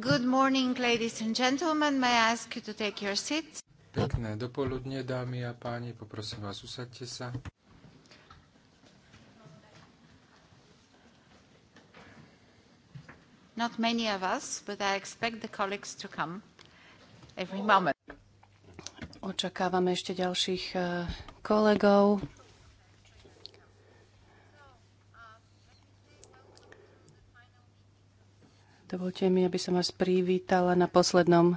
Good morning, ladies and gentlemen. May I ask you to take your seats? Pekné dopoludne, dámy a páni, poprosím vás, usadte sa. Not many of us, but I expect the colleagues to come every moment. Očakávame ešte ďalších eh, kolegov. Dovolte mi, aby som vás privítala na poslednom e,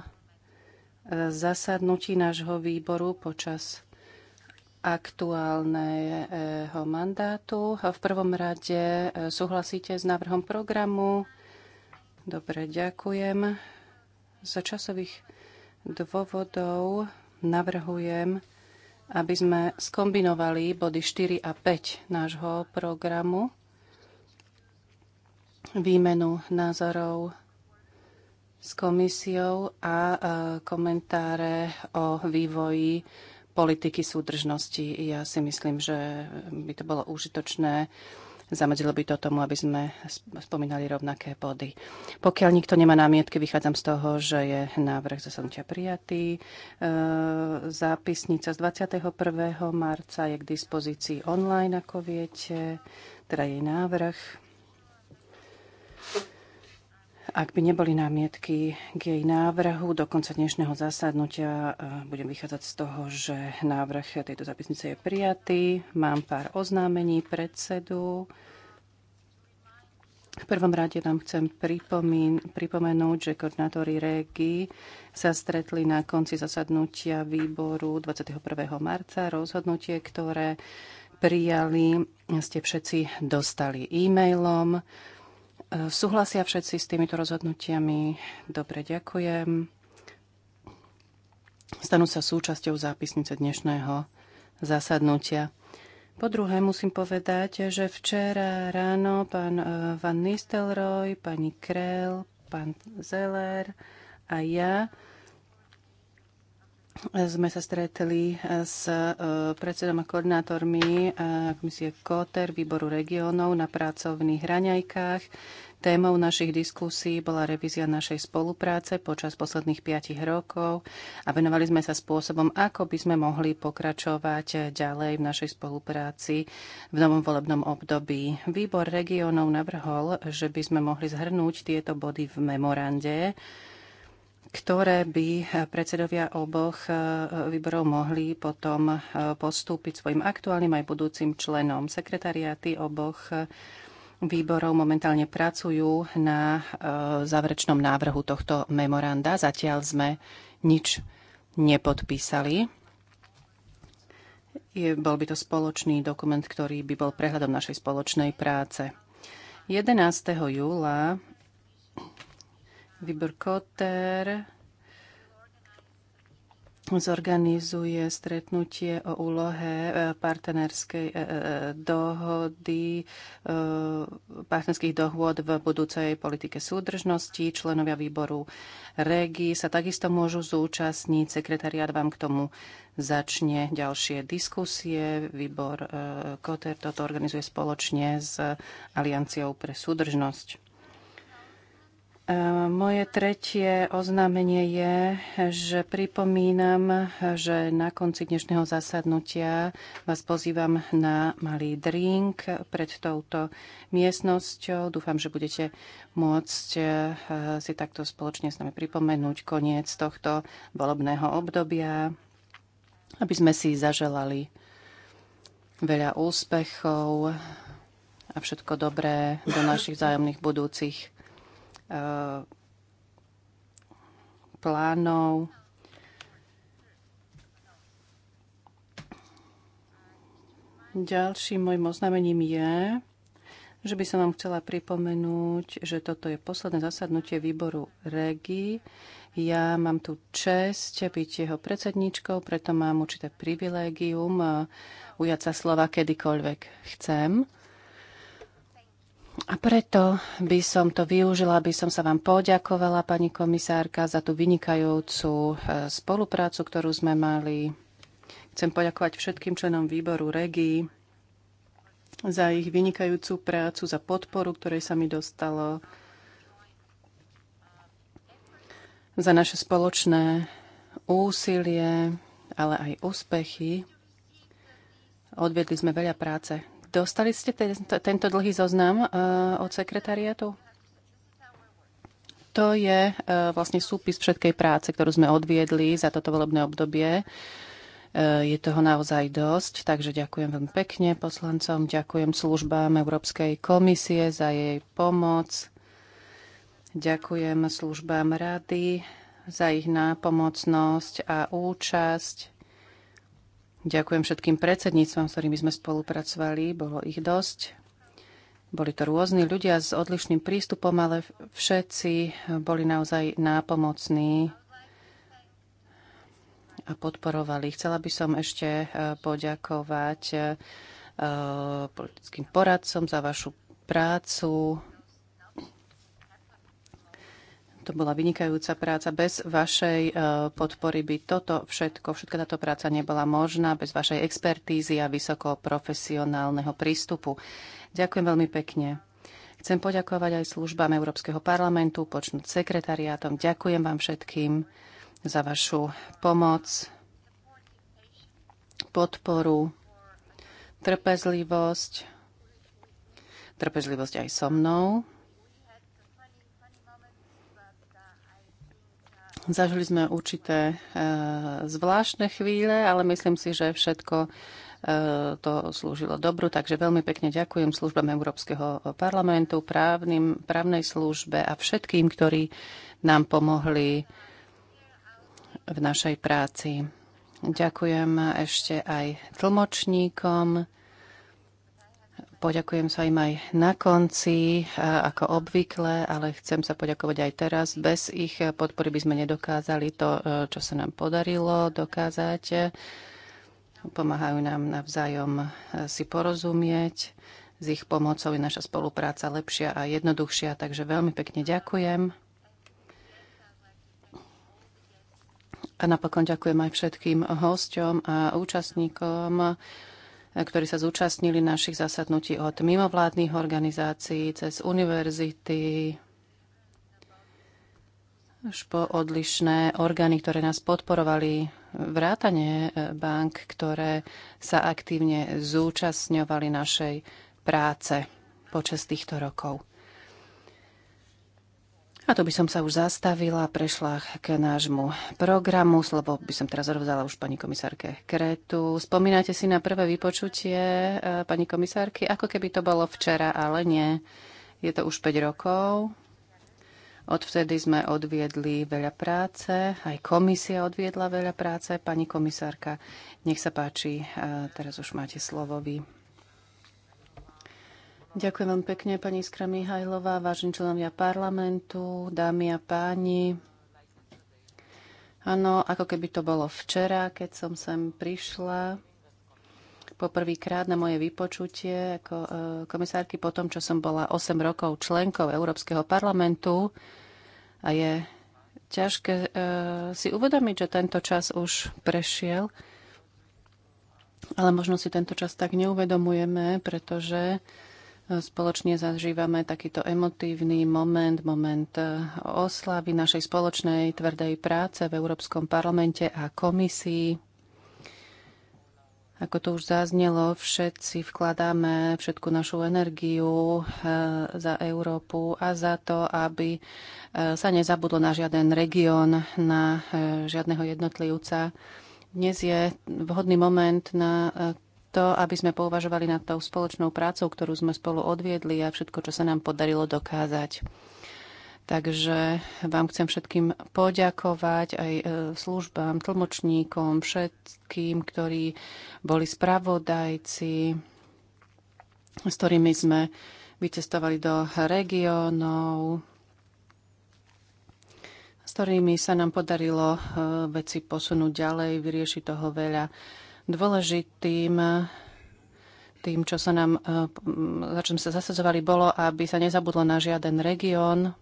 zasadnutí nášho výboru počas aktuálneho mandátu. V prvom rade e, súhlasíte s návrhom programu. Dobre, ďakujem. Za časových dôvodov navrhujem, aby sme skombinovali body 4 a 5 nášho programu výmenu názorov s komisiou a e, komentáre o vývoji politiky súdržnosti. Ja si myslím, že by to bolo užitočné. Zamedzilo by to tomu, aby sme spomínali rovnaké body. Pokiaľ nikto nemá námietky, vychádzam z toho, že je návrh zasadnutia prijatý. E, zápisnica z 21. marca je k dispozícii online, ako viete, teda jej návrh. Ak by neboli námietky k jej návrhu do konca dnešného zasadnutia, e, budem vychádzať z toho, že návrh tejto zapisnice je prijatý. Mám pár oznámení predsedu. V prvom rade vám chcem pripomín, pripomenúť, že koordinátori REGI sa stretli na konci zasadnutia výboru 21. marca. Rozhodnutie, ktoré prijali, ste všetci dostali e-mailom. E, súhlasia všetci s týmito rozhodnutiami? Dobre, ďakujem. Stanú sa súčasťou zápisnice dnešného zasadnutia. Po druhé musím povedať, že včera ráno pán e, Van Nistelrooy, pani Krell, pán Zeller a ja sme sa stretli eh, s eh, predsedom a koordinátormi eh, komisie KOTER, výboru regiónov na pracovných raňajkách. Témou našich diskusí bola revízia našej spolupráce počas posledných piatich rokov a venovali sme sa spôsobom, ako by sme mohli pokračovať ďalej v našej spolupráci v novom volebnom období. Výbor regiónov navrhol, že by sme mohli zhrnúť tieto body v memorande, ktoré by predsedovia oboch eh, výborov mohli potom eh, postúpiť svojim aktuálnym aj budúcim členom. Sekretariáty oboch eh, výborov momentálne pracujú na záverečnom návrhu tohto memoranda. Zatiaľ sme nič nepodpísali. Je, bol by to spoločný dokument, ktorý by bol prehľadom našej spoločnej práce. 11. júla Výbor Koter zorganizuje stretnutie o úlohe e, partnerskej e, e, dohody, partnerských dohôd v budúcej politike súdržnosti. Členovia výboru REGI sa takisto môžu zúčastniť. Sekretariát vám k tomu začne ďalšie diskusie. Výbor Koter toto organizuje spoločne s Alianciou pre súdržnosť. Moje tretie oznámenie je, že pripomínam, že na konci dnešného zasadnutia vás pozývam na malý drink pred touto miestnosťou. Dúfam, že budete môcť eh, si takto spoločne s nami pripomenúť koniec tohto volebného obdobia, aby sme si zaželali veľa úspechov a všetko dobré do našich vzájomných budúcich Eh, plánov. Ďalším môjim oznámením je, že by som vám chcela pripomenúť, že toto je posledné zasadnutie výboru REGI. Ja mám tu čest byť jeho predsedničkou, preto mám určité privilégium eh, ujať sa slova kedykoľvek chcem. A preto by som to využila, aby som sa vám poďakovala, pani komisárka, za tú vynikajúcu e, spoluprácu, ktorú sme mali. Chcem poďakovať všetkým členom výboru REGI za ich vynikajúcu prácu, za podporu, ktorej sa mi dostalo, za naše spoločné úsilie, ale aj úspechy. Odvedli sme veľa práce Dostali ste tento, tento dlhý zoznam eh, od sekretariatu? To je eh, vlastne súpis všetkej práce, ktorú sme odviedli za toto volebné obdobie. Eh, je toho naozaj dosť, takže ďakujem veľmi pekne poslancom, ďakujem službám Európskej komisie za jej pomoc, ďakujem službám rady za ich nápomocnosť a účasť. Ďakujem všetkým predsedníctvom, s ktorými sme spolupracovali. Bolo ich dosť. Boli to rôzni ľudia s odlišným prístupom, ale všetci boli naozaj nápomocní a podporovali. Chcela by som ešte eh, poďakovať eh, eh, politickým poradcom za vašu prácu, to bola vynikajúca práca. Bez vašej e, podpory by toto všetko, všetka táto práca nebola možná, bez vašej expertízy a vysokoprofesionálneho prístupu. Ďakujem veľmi pekne. Chcem poďakovať aj službám Európskeho parlamentu, počnúť sekretariátom. Ďakujem vám všetkým za vašu pomoc, podporu, trpezlivosť, trpezlivosť aj so mnou. Zažili sme určité e, zvláštne chvíle, ale myslím si, že všetko e, to slúžilo dobru. Takže veľmi pekne ďakujem službám Európskeho parlamentu, právnym, právnej službe a všetkým, ktorí nám pomohli v našej práci. Ďakujem ešte aj tlmočníkom. Poďakujem sa im aj na konci, ako obvykle, ale chcem sa poďakovať aj teraz. Bez ich podpory by sme nedokázali to, e, čo sa nám podarilo dokázať. Pomáhajú nám navzájom e, si porozumieť. S ich pomocou je naša spolupráca lepšia a jednoduchšia, takže veľmi pekne ďakujem. A napokon ďakujem aj všetkým hosťom a účastníkom ktorí sa zúčastnili našich zasadnutí od mimovládnych organizácií cez univerzity, až po odlišné orgány, ktoré nás podporovali, vrátanie e, bank, ktoré sa aktívne zúčastňovali našej práce počas týchto rokov. A to by som sa už zastavila, prešla k nášmu programu, lebo by som teraz rozdala už pani komisárke Kretu. Spomínate si na prvé vypočutie e, pani komisárky, ako keby to bolo včera, ale nie. Je to už 5 rokov. Odvtedy sme odviedli veľa práce, aj komisia odviedla veľa práce. Pani komisárka, nech sa páči, e, teraz už máte slovo vy. Ďakujem vám pekne, pani Iskra Mihajlová, vážení členovia parlamentu, dámy a páni. Áno, ako keby to bolo včera, keď som sem prišla poprvýkrát na moje vypočutie ako e, komisárky po tom, čo som bola 8 rokov členkou Európskeho parlamentu. A je ťažké e, si uvedomiť, že tento čas už prešiel. Ale možno si tento čas tak neuvedomujeme, pretože Spoločne zažívame takýto emotívny moment, moment e, oslavy našej spoločnej tvrdej práce v Európskom parlamente a komisii. Ako to už zaznelo, všetci vkladáme všetku našu energiu e, za Európu a za to, aby e, sa nezabudlo na žiaden región, na žiadneho jednotlivca. Dnes je vhodný moment na to, aby sme pouvažovali nad tou spoločnou prácou, ktorú sme spolu odviedli a všetko, čo sa nám podarilo dokázať. Takže vám chcem všetkým poďakovať aj e, službám, tlmočníkom, všetkým, ktorí boli spravodajci, s ktorými sme vycestovali do regiónov, s ktorými sa nám podarilo e, veci posunúť ďalej, vyriešiť toho veľa. Dôležitým tým, čo sa nám, eh, za čo sa zasadzovali, bolo, aby sa nezabudlo na žiaden región.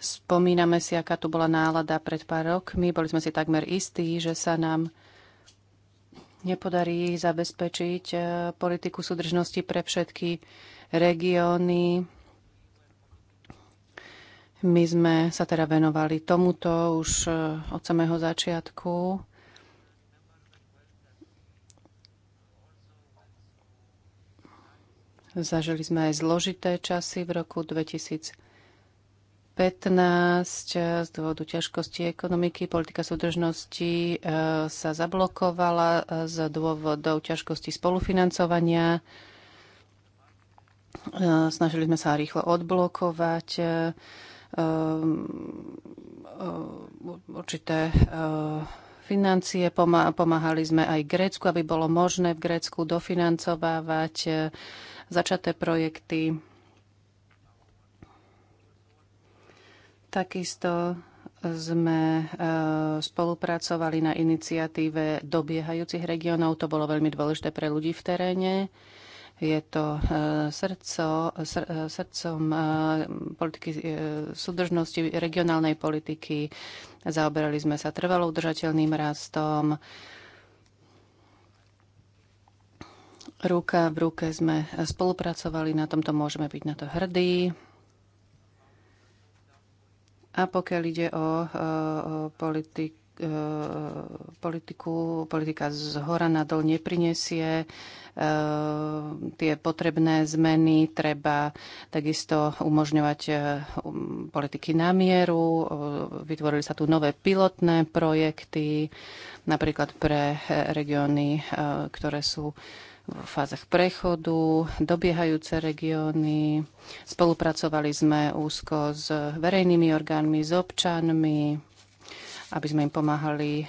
Spomíname si, aká tu bola nálada pred pár rokmi. Boli sme si takmer istí, že sa nám nepodarí zabezpečiť eh, politiku súdržnosti pre všetky regióny. My sme sa teda venovali tomuto už eh, od samého začiatku Zažili sme aj zložité časy v roku 2015 z dôvodu ťažkosti ekonomiky. Politika súdržnosti e, sa zablokovala e, z dôvodov ťažkosti spolufinancovania. E, snažili sme sa rýchlo odblokovať určité financie. Pomáhali sme aj Grécku, aby bolo možné v Grécku dofinancovávať začaté projekty. Takisto sme e, spolupracovali na iniciatíve dobiehajúcich regiónov. To bolo veľmi dôležité pre ľudí v teréne. Je to e, srdco, e, srdcom politiky súdržnosti, regionálnej politiky. Zaoberali sme sa trvalo udržateľným rastom, Ruka v ruke sme spolupracovali, na tomto môžeme byť na to hrdí. A pokiaľ ide o, o, o politik, politiku, politika z hora na dol neprinesie. Tie potrebné zmeny treba takisto umožňovať e, um, politiky na mieru. Vytvorili sa tu nové pilotné projekty, napríklad pre e, regióny, e, ktoré sú v fázach prechodu, dobiehajúce regióny. Spolupracovali sme úzko s verejnými orgánmi, s občanmi, aby sme im pomáhali eh,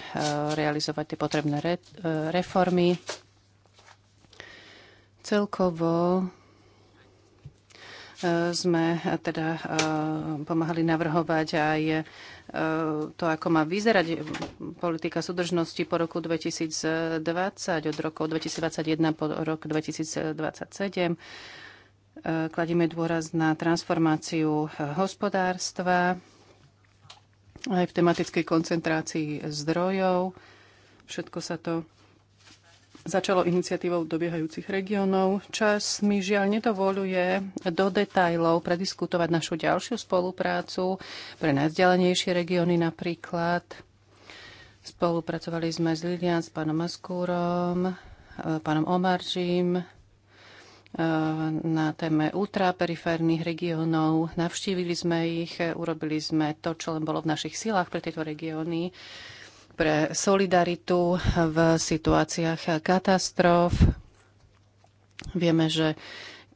realizovať tie potrebné eh, reformy. Celkovo sme eh, teda eh, pomáhali navrhovať aj eh, to, ako má vyzerať politika súdržnosti po roku 2020, od roku 2021 po rok 2027. Kladíme dôraz na transformáciu hospodárstva, aj v tematickej koncentrácii zdrojov. Všetko sa to začalo iniciatívou dobiehajúcich regiónov. Čas mi žiaľ nedovoluje do detajlov prediskutovať našu ďalšiu spoluprácu pre najvzdialenejšie regióny napríklad. Spolupracovali sme s Lilian, s pánom Maskúrom, e, pánom Omaržím e, na téme ultraperiférnych regiónov. Navštívili sme ich, e, urobili sme to, čo len bolo v našich silách pre tieto regióny pre solidaritu v situáciách katastrof. Vieme, že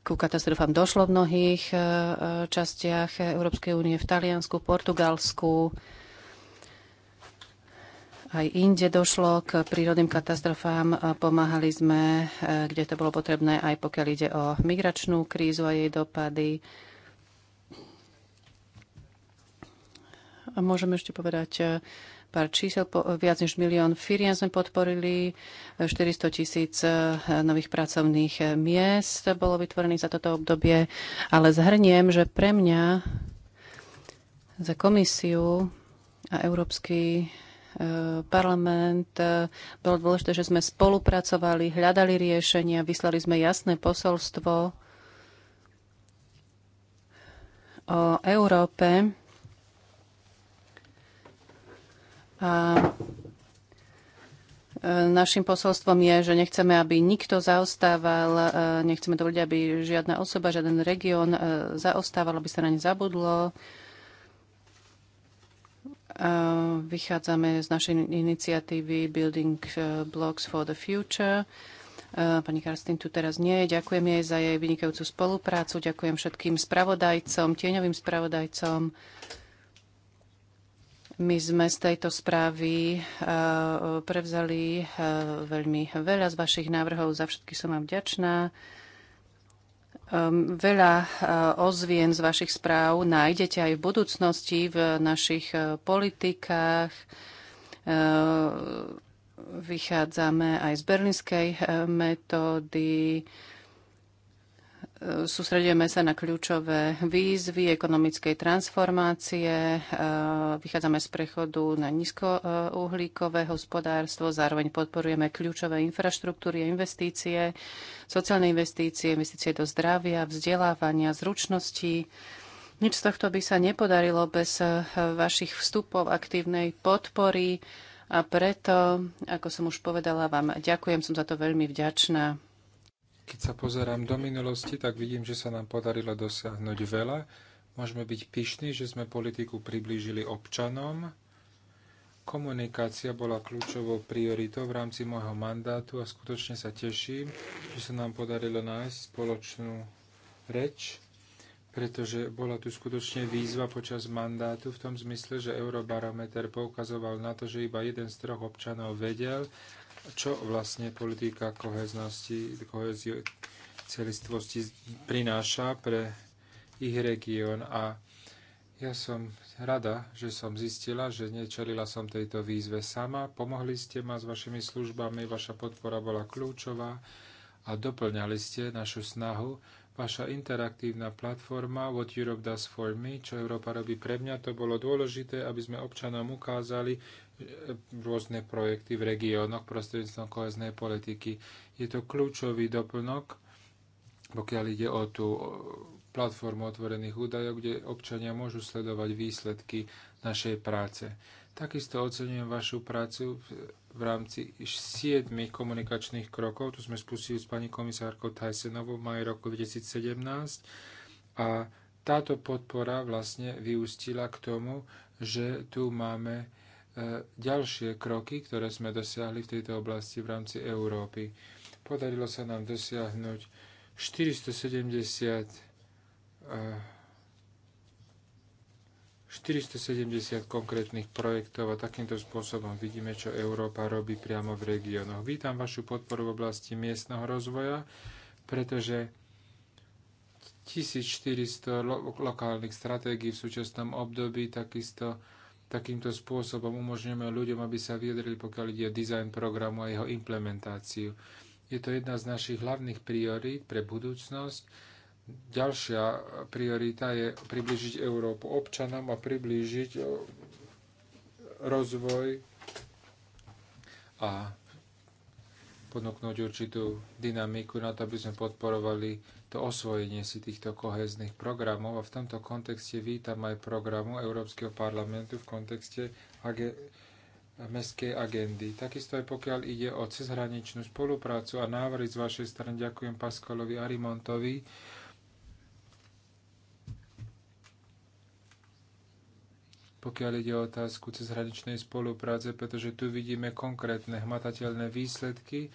ku katastrofám došlo v mnohých e, častiach Európskej únie, v Taliansku, Portugalsku. Aj inde došlo k prírodným katastrofám. Pomáhali sme, e, kde to bolo potrebné, aj pokiaľ ide o migračnú krízu a jej dopady. A môžeme ešte povedať e, pár čísel. Po, viac než milión firiem sme podporili, 400 tisíc eh, nových pracovných eh, miest bolo vytvorených za toto obdobie, ale zhrniem, že pre mňa za komisiu a Európsky eh, parlament. Bolo dôležité, že sme spolupracovali, hľadali riešenia, vyslali sme jasné posolstvo o Európe, A e, našim posolstvom je, že nechceme, aby nikto zaostával, e, nechceme dovoliť, aby žiadna osoba, žiaden región e, zaostával, aby sa na ne zabudlo. Vychádzame z našej iniciatívy Building Blocks for the Future. Pani Karstin tu teraz nie je. Ďakujem jej za jej vynikajúcu spoluprácu. Ďakujem všetkým spravodajcom, tieňovým spravodajcom. My sme z tejto správy eh, prevzali eh, veľmi veľa z vašich návrhov, za všetky som vám vďačná. Ehm, veľa eh, ozvien z vašich správ nájdete aj v budúcnosti v našich politikách. Ehm, vychádzame aj z berlínskej metódy, Sústredujeme sa na kľúčové výzvy ekonomickej transformácie, e, vychádzame z prechodu na nízkouhlíkové hospodárstvo, zároveň podporujeme kľúčové infraštruktúry a investície, sociálne investície, investície do zdravia, vzdelávania, zručností. Nič z tohto by sa nepodarilo bez e, vašich vstupov aktívnej podpory a preto, ako som už povedala vám, ďakujem, som za to veľmi vďačná. Keď sa pozerám do minulosti, tak vidím, že sa nám podarilo dosiahnuť veľa. Môžeme byť pyšní, že sme politiku priblížili občanom. Komunikácia bola kľúčovou prioritou v rámci môjho mandátu a skutočne sa teším, že sa nám podarilo nájsť spoločnú reč, pretože bola tu skutočne výzva počas mandátu v tom zmysle, že Eurobarometer poukazoval na to, že iba jeden z troch občanov vedel, čo vlastne politika koheznosti, kohezio, celistvosti prináša pre ich región. A ja som rada, že som zistila, že nečelila som tejto výzve sama. Pomohli ste ma s vašimi službami, vaša podpora bola kľúčová a doplňali ste našu snahu. Vaša interaktívna platforma What Europe Does For Me, čo Európa robí pre mňa, to bolo dôležité, aby sme občanom ukázali, rôzne projekty v regiónoch prostredníctvom koheznej politiky. Je to kľúčový doplnok, pokiaľ ide o tú platformu otvorených údajov, kde občania môžu sledovať výsledky našej práce. Takisto ocenujem vašu prácu v rámci 7 komunikačných krokov. Tu sme spustili s pani komisárkou Tysonovou v maji roku 2017 a táto podpora vlastne vyústila k tomu, že tu máme E, ďalšie kroky, ktoré sme dosiahli v tejto oblasti v rámci Európy. Podarilo sa nám dosiahnuť 470 470 e, konkrétnych projektov a takýmto spôsobom vidíme, čo Európa robí priamo v regiónoch. Vítam vašu podporu v oblasti miestneho rozvoja, pretože 1400 lo- lokálnych stratégií v súčasnom období takisto Takýmto spôsobom umožňujeme ľuďom, aby sa vyjadrili, pokiaľ ide o dizajn programu a jeho implementáciu. Je to jedna z našich hlavných priorít pre budúcnosť. Ďalšia priorita je priblížiť Európu občanom a priblížiť rozvoj a ponúknuť určitú dynamiku na to, aby sme podporovali to osvojenie si týchto kohéznych programov. A v tomto kontexte vítam aj programu Európskeho parlamentu v kontexte age- mestskej agendy. Takisto aj pokiaľ ide o cezhraničnú spoluprácu a návrhy z vašej strany, ďakujem Paskolovi Arimontovi, pokiaľ ide o otázku cezhraničnej spolupráce, pretože tu vidíme konkrétne hmatateľné výsledky,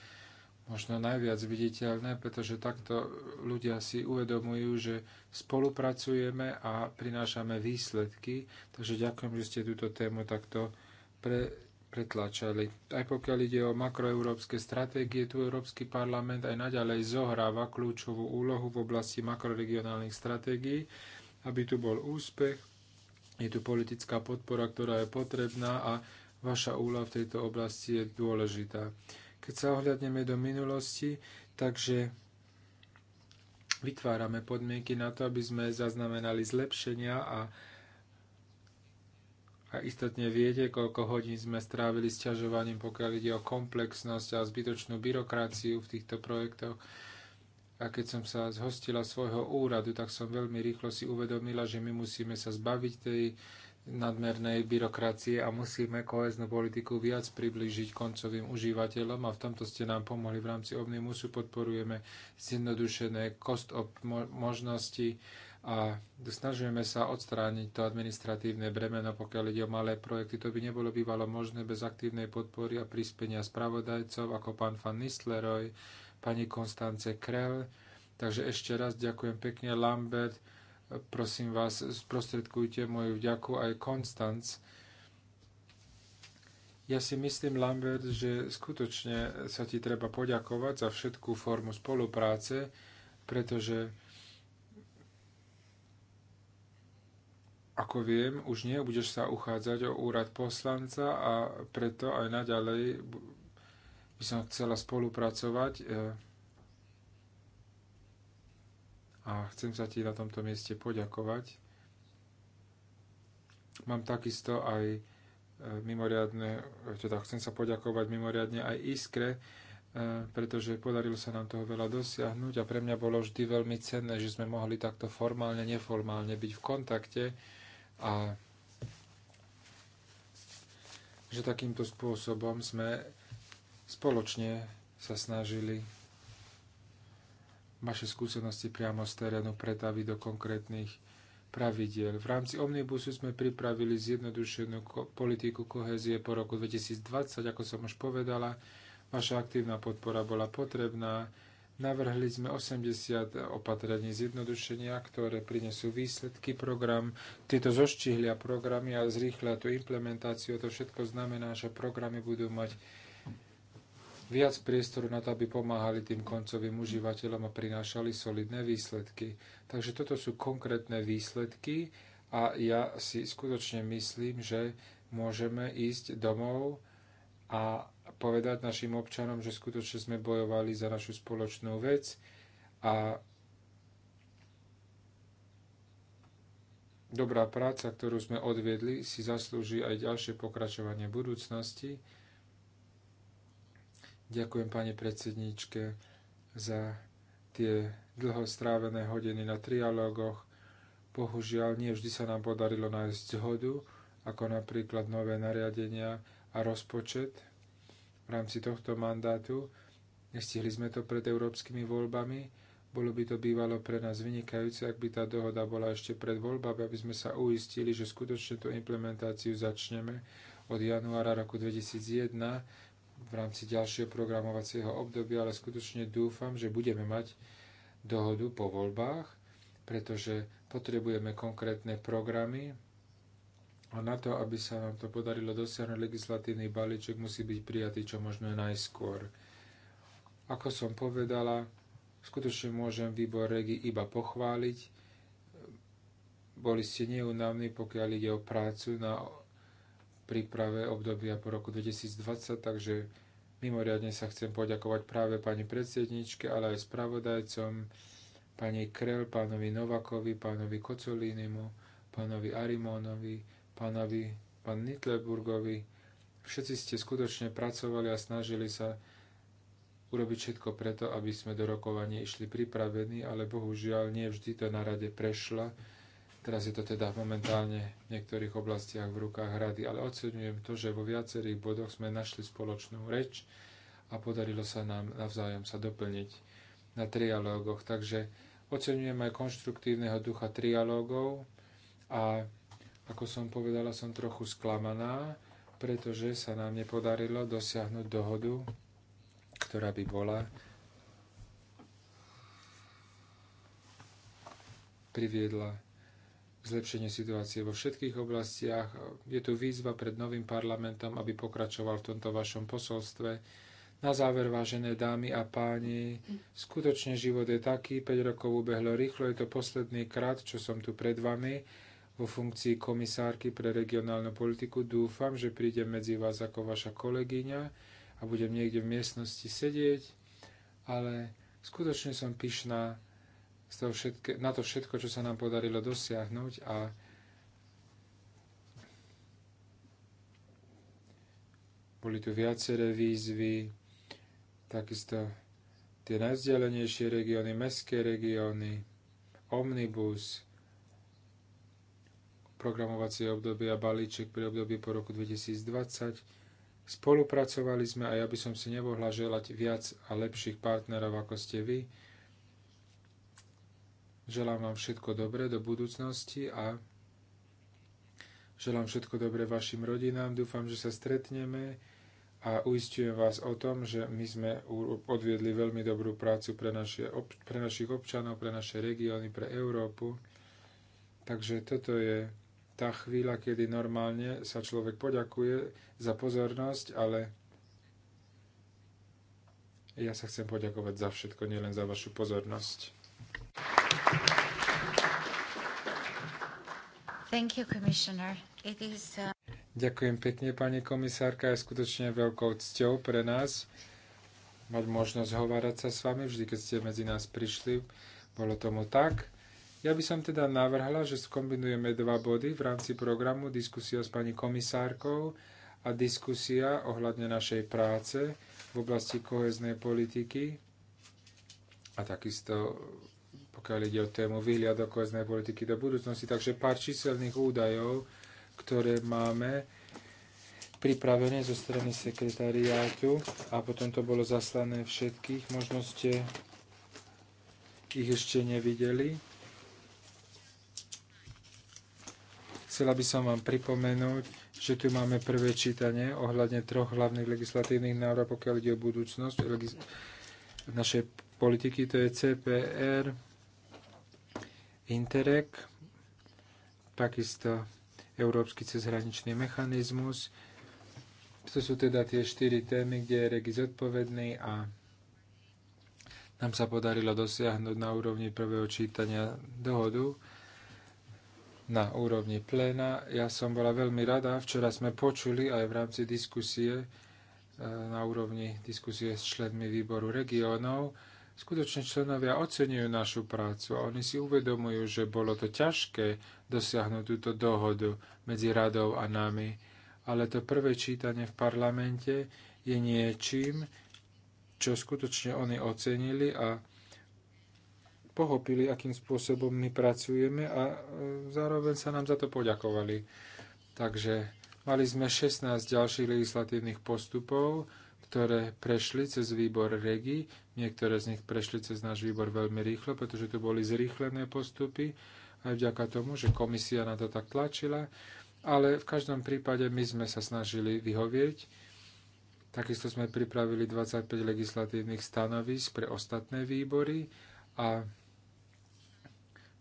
možno najviac viditeľné, pretože takto ľudia si uvedomujú, že spolupracujeme a prinášame výsledky. Takže ďakujem, že ste túto tému takto pre, pretlačali. Aj pokiaľ ide o makroeurópske stratégie, tu Európsky parlament aj naďalej zohráva kľúčovú úlohu v oblasti makroregionálnych stratégií, aby tu bol úspech je tu politická podpora, ktorá je potrebná a vaša úloha v tejto oblasti je dôležitá. Keď sa ohľadneme do minulosti, takže vytvárame podmienky na to, aby sme zaznamenali zlepšenia a, a istotne viete, koľko hodín sme strávili sťažovaním, pokiaľ ide o komplexnosť a zbytočnú byrokraciu v týchto projektoch. A keď som sa zhostila svojho úradu, tak som veľmi rýchlo si uvedomila, že my musíme sa zbaviť tej nadmernej byrokracie a musíme koheznú politiku viac priblížiť koncovým užívateľom a v tomto ste nám pomohli v rámci Omnimusu. Podporujeme zjednodušené kost op možnosti a snažíme sa odstrániť to administratívne bremeno, pokiaľ ide o malé projekty. To by nebolo bývalo možné bez aktívnej podpory a prispenia spravodajcov ako pán Van Nistleroy, pani Konstance Krell. Takže ešte raz ďakujem pekne, Lambert. Prosím vás, sprostredkujte moju vďaku aj Konstanc. Ja si myslím, Lambert, že skutočne sa ti treba poďakovať za všetkú formu spolupráce, pretože ako viem, už nebudeš sa uchádzať o úrad poslanca a preto aj naďalej by som chcela spolupracovať eh, a chcem sa ti na tomto mieste poďakovať. Mám takisto aj eh, mimoriadne, eh, teda chcem sa poďakovať mimoriadne aj Iskre, pretože podarilo sa nám toho veľa dosiahnuť a pre mňa bolo vždy veľmi cenné, že sme mohli takto formálne, neformálne byť v kontakte a že takýmto spôsobom sme spoločne sa snažili vaše skúsenosti priamo z terénu pretaviť do konkrétnych pravidiel. V rámci Omnibusu sme pripravili zjednodušenú politiku kohezie po roku 2020, ako som už povedala. Vaša aktívna podpora bola potrebná. Navrhli sme 80 opatrení zjednodušenia, ktoré prinesú výsledky program. Tieto zoštihlia programy a zrýchlia tú implementáciu. To všetko znamená, že programy budú mať viac priestoru na to, aby pomáhali tým koncovým užívateľom a prinášali solidné výsledky. Takže toto sú konkrétne výsledky a ja si skutočne myslím, že môžeme ísť domov a povedať našim občanom, že skutočne sme bojovali za našu spoločnú vec a dobrá práca, ktorú sme odviedli, si zaslúži aj ďalšie pokračovanie budúcnosti. Ďakujem pani predsedníčke za tie dlho strávené hodiny na trialógoch. Bohužiaľ, nie vždy sa nám podarilo nájsť zhodu, ako napríklad nové nariadenia a rozpočet v rámci tohto mandátu. Nestihli sme to pred európskymi voľbami. Bolo by to bývalo pre nás vynikajúce, ak by tá dohoda bola ešte pred voľbami, aby sme sa uistili, že skutočne tú implementáciu začneme od januára roku 2001, v rámci ďalšieho programovacieho obdobia, ale skutočne dúfam, že budeme mať dohodu po voľbách, pretože potrebujeme konkrétne programy a na to, aby sa nám to podarilo dosiahnuť, legislatívny balíček musí byť prijatý čo možno najskôr. Ako som povedala, skutočne môžem výbor regi iba pochváliť. Boli ste neunavní, pokiaľ ide o prácu na príprave obdobia po roku 2020, takže mimoriadne sa chcem poďakovať práve pani predsedničke, ale aj spravodajcom, pani Krel, pánovi Novakovi, pánovi Kocolínimu, pánovi Arimónovi, pánovi pán Nitleburgovi. Všetci ste skutočne pracovali a snažili sa urobiť všetko preto, aby sme do rokovania išli pripravení, ale bohužiaľ nie vždy to na rade prešla. Teraz je to teda momentálne v niektorých oblastiach v rukách rady, ale oceňujem to, že vo viacerých bodoch sme našli spoločnú reč a podarilo sa nám navzájom sa doplniť na trialógoch. Takže oceňujem aj konštruktívneho ducha trialógov a ako som povedala, som trochu sklamaná, pretože sa nám nepodarilo dosiahnuť dohodu, ktorá by bola priviedla zlepšenie situácie vo všetkých oblastiach. Je tu výzva pred novým parlamentom, aby pokračoval v tomto vašom posolstve. Na záver, vážené dámy a páni, skutočne život je taký, 5 rokov ubehlo rýchlo, je to posledný krát, čo som tu pred vami vo funkcii komisárky pre regionálnu politiku. Dúfam, že prídem medzi vás ako vaša kolegyňa a budem niekde v miestnosti sedieť, ale skutočne som pyšná to na to všetko, čo sa nám podarilo dosiahnuť a boli tu viaceré výzvy, takisto tie najvzdialenejšie regióny, mestské regióny, omnibus, programovacie obdobie a balíček pri období po roku 2020. Spolupracovali sme a ja by som si nemohla želať viac a lepších partnerov, ako ste vy Želám vám všetko dobré do budúcnosti a želám všetko dobré vašim rodinám. Dúfam, že sa stretneme a uistujem vás o tom, že my sme odviedli veľmi dobrú prácu pre, naše, pre našich občanov, pre naše regióny, pre Európu. Takže toto je tá chvíľa, kedy normálne sa človek poďakuje za pozornosť, ale ja sa chcem poďakovať za všetko, nielen za vašu pozornosť. Thank you, Commissioner. It is, uh... Ďakujem pekne, pani komisárka. Je skutočne veľkou cťou pre nás mať možnosť hovárať sa s vami. Vždy, keď ste medzi nás prišli, bolo tomu tak. Ja by som teda navrhla, že skombinujeme dva body v rámci programu diskusia s pani komisárkou a diskusia ohľadne našej práce v oblasti koheznej politiky a takisto pokiaľ ide o tému výhľad politiky do budúcnosti. Takže pár číselných údajov, ktoré máme pripravené zo strany sekretariátu a potom to bolo zaslané všetkých. Možno ste ich ešte nevideli. Chcela by som vám pripomenúť, že tu máme prvé čítanie ohľadne troch hlavných legislatívnych návrhov, pokiaľ ide o budúcnosť našej politiky, to je CPR, Interreg, takisto Európsky cezhraničný mechanizmus. To sú teda tie štyri témy, kde je Regi zodpovedný a nám sa podarilo dosiahnuť na úrovni prvého čítania dohodu na úrovni pléna. Ja som bola veľmi rada, včera sme počuli aj v rámci diskusie e, na úrovni diskusie s členmi výboru regiónov, Skutočne členovia oceňujú našu prácu a oni si uvedomujú, že bolo to ťažké dosiahnuť túto dohodu medzi radou a nami, ale to prvé čítanie v parlamente je niečím, čo skutočne oni ocenili a pochopili, akým spôsobom my pracujeme a e, zároveň sa nám za to poďakovali. Takže mali sme 16 ďalších legislatívnych postupov, ktoré prešli cez výbor REGI, niektoré z nich prešli cez náš výbor veľmi rýchlo, pretože to boli zrýchlené postupy, aj vďaka tomu, že komisia na to tak tlačila, ale v každom prípade my sme sa snažili vyhovieť. Takisto sme pripravili 25 legislatívnych stanovisk pre ostatné výbory a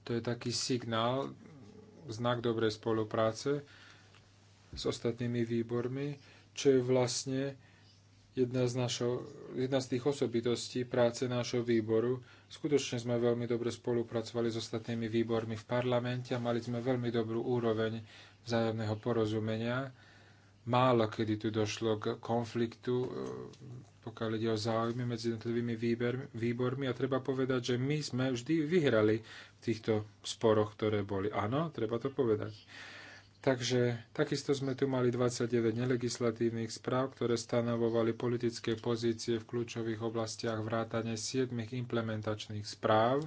to je taký signál, znak dobrej spolupráce s ostatnými výbormi, čo je vlastne jedna z, našo, jedna z tých osobitostí práce nášho výboru. Skutočne sme veľmi dobre spolupracovali s ostatnými výbormi v parlamente a mali sme veľmi dobrú úroveň vzájomného porozumenia. Málo kedy tu došlo k konfliktu, e, pokiaľ ide o záujmy medzi jednotlivými výbormi a treba povedať, že my sme vždy vyhrali v týchto sporoch, ktoré boli. Áno, treba to povedať. Takže takisto sme tu mali 29 nelegislatívnych správ, ktoré stanovovali politické pozície v kľúčových oblastiach vrátane 7 implementačných správ,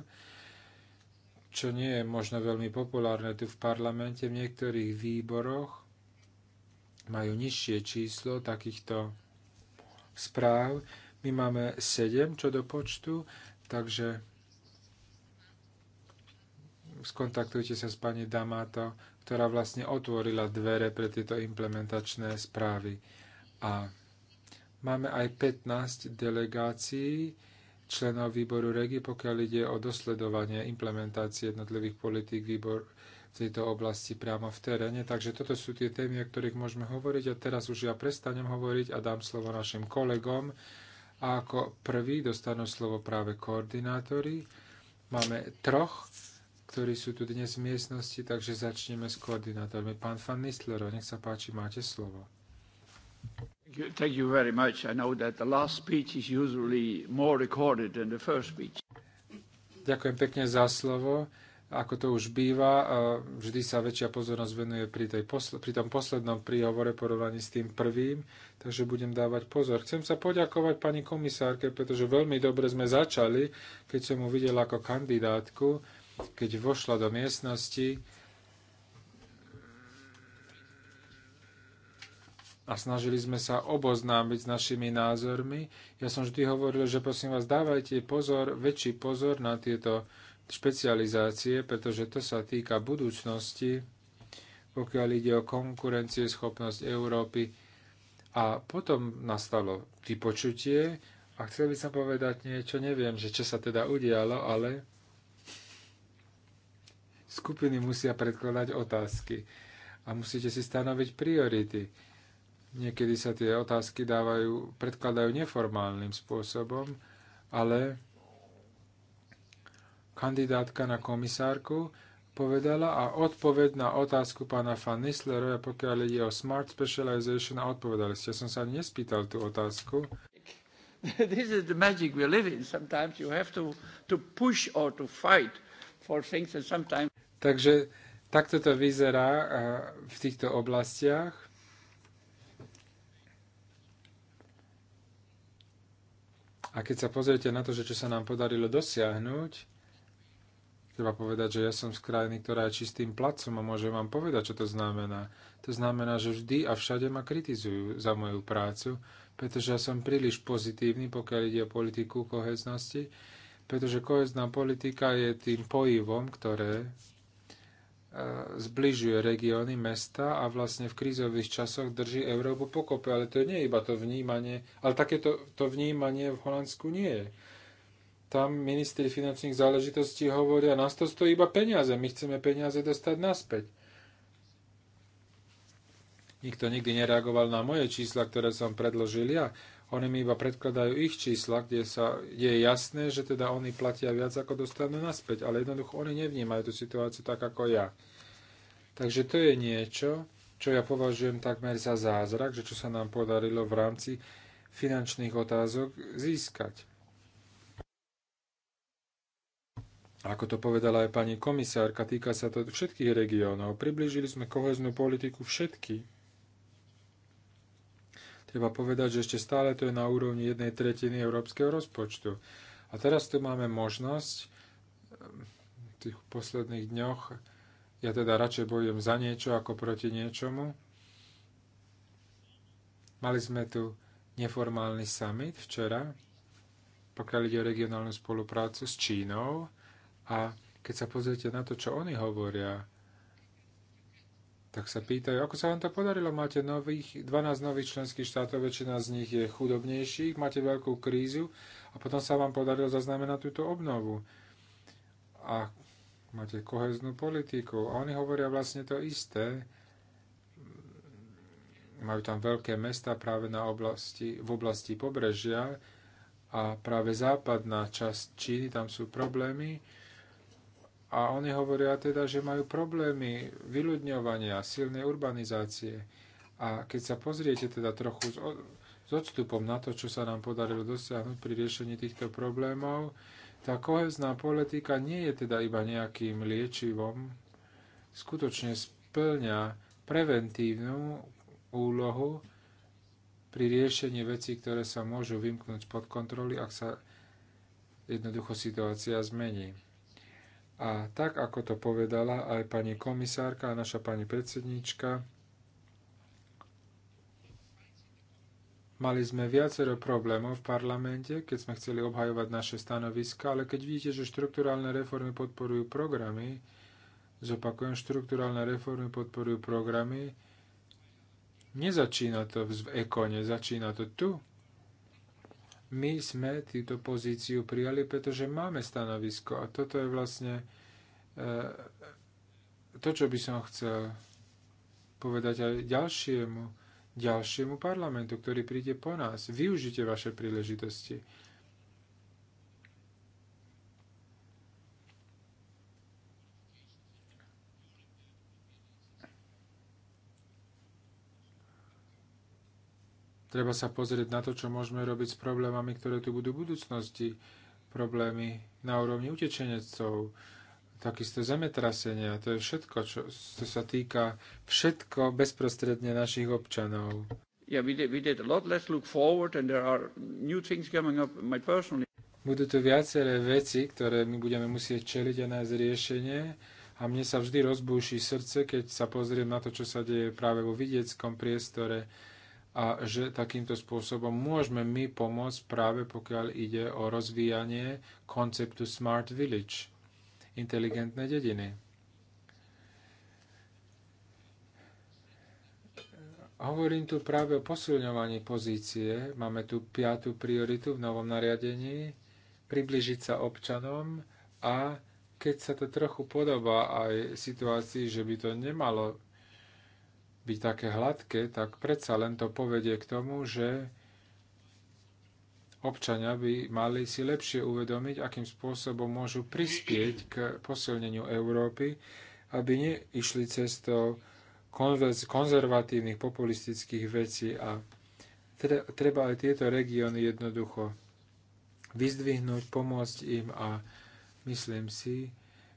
čo nie je možno veľmi populárne tu v parlamente. V niektorých výboroch majú nižšie číslo takýchto správ. My máme 7 čo do počtu, takže skontaktujte sa s pani Damato ktorá vlastne otvorila dvere pre tieto implementačné správy. A máme aj 15 delegácií členov výboru REGI, pokiaľ ide o dosledovanie implementácie jednotlivých politík výbor v tejto oblasti priamo v teréne. Takže toto sú tie témy, o ktorých môžeme hovoriť a teraz už ja prestanem hovoriť a dám slovo našim kolegom. A ako prvý dostanú slovo práve koordinátori. Máme troch ktorí sú tu dnes v miestnosti, takže začneme s koordinátormi. Pán Van Nistlero, nech sa páči, máte slovo. Thank you Ďakujem pekne za slovo. Ako to už býva, vždy sa väčšia pozornosť venuje pri, tej posle- pri tom poslednom príhovore porovnaní s tým prvým, takže budem dávať pozor. Chcem sa poďakovať pani komisárke, pretože veľmi dobre sme začali, keď som ju videl ako kandidátku keď vošla do miestnosti a snažili sme sa oboznámiť s našimi názormi, ja som vždy hovoril, že prosím vás, dávajte pozor, väčší pozor na tieto špecializácie, pretože to sa týka budúcnosti, pokiaľ ide o konkurencie, schopnosť Európy. A potom nastalo vypočutie a chcel by som povedať niečo, neviem, že čo sa teda udialo, ale skupiny musia predkladať otázky a musíte si stanoviť priority. Niekedy sa tie otázky dávajú, predkladajú neformálnym spôsobom, ale kandidátka na komisárku povedala a odpoveď na otázku pána Van Nisleroja, pokiaľ ide o Smart Specialization a odpovedali ste. Som sa nespýtal tú otázku. This is the magic we live in. Sometimes you have to, to push or to fight for things and sometimes Takže takto to vyzerá v týchto oblastiach. A keď sa pozriete na to, že čo sa nám podarilo dosiahnuť, treba povedať, že ja som z krajiny, ktorá je čistým placom a môžem vám povedať, čo to znamená. To znamená, že vždy a všade ma kritizujú za moju prácu, pretože ja som príliš pozitívny, pokiaľ ide o politiku koheznosti, pretože kohezná politika je tým pojivom, ktoré zbližuje regióny, mesta a vlastne v krízových časoch drží Európu pokope. Ale to nie je iba to vnímanie, ale takéto to vnímanie v Holandsku nie je. Tam ministri finančných záležitostí hovoria, nás to stojí iba peniaze, my chceme peniaze dostať naspäť. Nikto nikdy nereagoval na moje čísla, ktoré som predložil ja. Oni mi iba predkladajú ich čísla, kde, sa, kde je jasné, že teda oni platia viac, ako dostanú naspäť, ale jednoducho oni nevnímajú tú situáciu tak ako ja. Takže to je niečo, čo ja považujem takmer za zázrak, že čo sa nám podarilo v rámci finančných otázok získať. Ako to povedala aj pani komisárka, týka sa to všetkých regiónov. Priblížili sme koheznú politiku všetky Treba povedať, že ešte stále to je na úrovni jednej tretiny európskeho rozpočtu. A teraz tu máme možnosť ehm, v tých posledných dňoch, ja teda radšej bojujem za niečo ako proti niečomu. Mali sme tu neformálny summit včera, pokiaľ ide o regionálnu spoluprácu s Čínou. A keď sa pozriete na to, čo oni hovoria, tak sa pýtajú, ako sa vám to podarilo? Máte nových, 12 nových členských štátov, väčšina z nich je chudobnejších, máte veľkú krízu a potom sa vám podarilo zaznamenať túto obnovu. A máte koheznú politiku. A oni hovoria vlastne to isté. Majú tam veľké mesta práve na oblasti, v oblasti pobrežia a práve západná časť Číny, tam sú problémy a oni hovoria teda, že majú problémy vyľudňovania, silnej urbanizácie. A keď sa pozriete teda trochu s, s odstupom na to, čo sa nám podarilo dosiahnuť pri riešení týchto problémov, tá kohezná politika nie je teda iba nejakým liečivom, skutočne splňa preventívnu úlohu pri riešení vecí, ktoré sa môžu vymknúť spod kontroly, ak sa jednoducho situácia zmení. A tak, ako to povedala aj pani komisárka a naša pani predsednička, Mali sme viacero problémov v parlamente, keď sme chceli obhajovať naše stanoviska, ale keď vidíte, že štruktúralne reformy podporujú programy, zopakujem, štruktúralne reformy podporujú programy, nezačína to v ekone, začína to tu. My sme túto pozíciu prijali, pretože máme stanovisko a toto je vlastne eh, to, čo by som chcel povedať aj ďalšiemu, ďalšiemu parlamentu, ktorý príde po nás. Využite vaše príležitosti. Treba sa pozrieť na to, čo môžeme robiť s problémami, ktoré tu budú v budúcnosti. Problémy na úrovni utečenecov, takisto zemetrasenia. To je všetko, čo, čo sa týka všetko bezprostredne našich občanov. Budú tu viaceré veci, ktoré my budeme musieť čeliť a nájsť riešenie. A mne sa vždy rozbúši srdce, keď sa pozriem na to, čo sa deje práve vo vidieckom priestore a že takýmto spôsobom môžeme my pomôcť práve pokiaľ ide o rozvíjanie konceptu Smart Village, inteligentné dediny. Hovorím tu práve o posilňovaní pozície. Máme tu piatú prioritu v novom nariadení, približiť sa občanom a keď sa to trochu podobá aj situácii, že by to nemalo byť také hladké, tak predsa len to povedie k tomu, že občania by mali si lepšie uvedomiť, akým spôsobom môžu prispieť k posilneniu Európy, aby neišli cestou konzervatívnych populistických vecí a treba aj tieto regióny jednoducho vyzdvihnúť, pomôcť im a myslím si,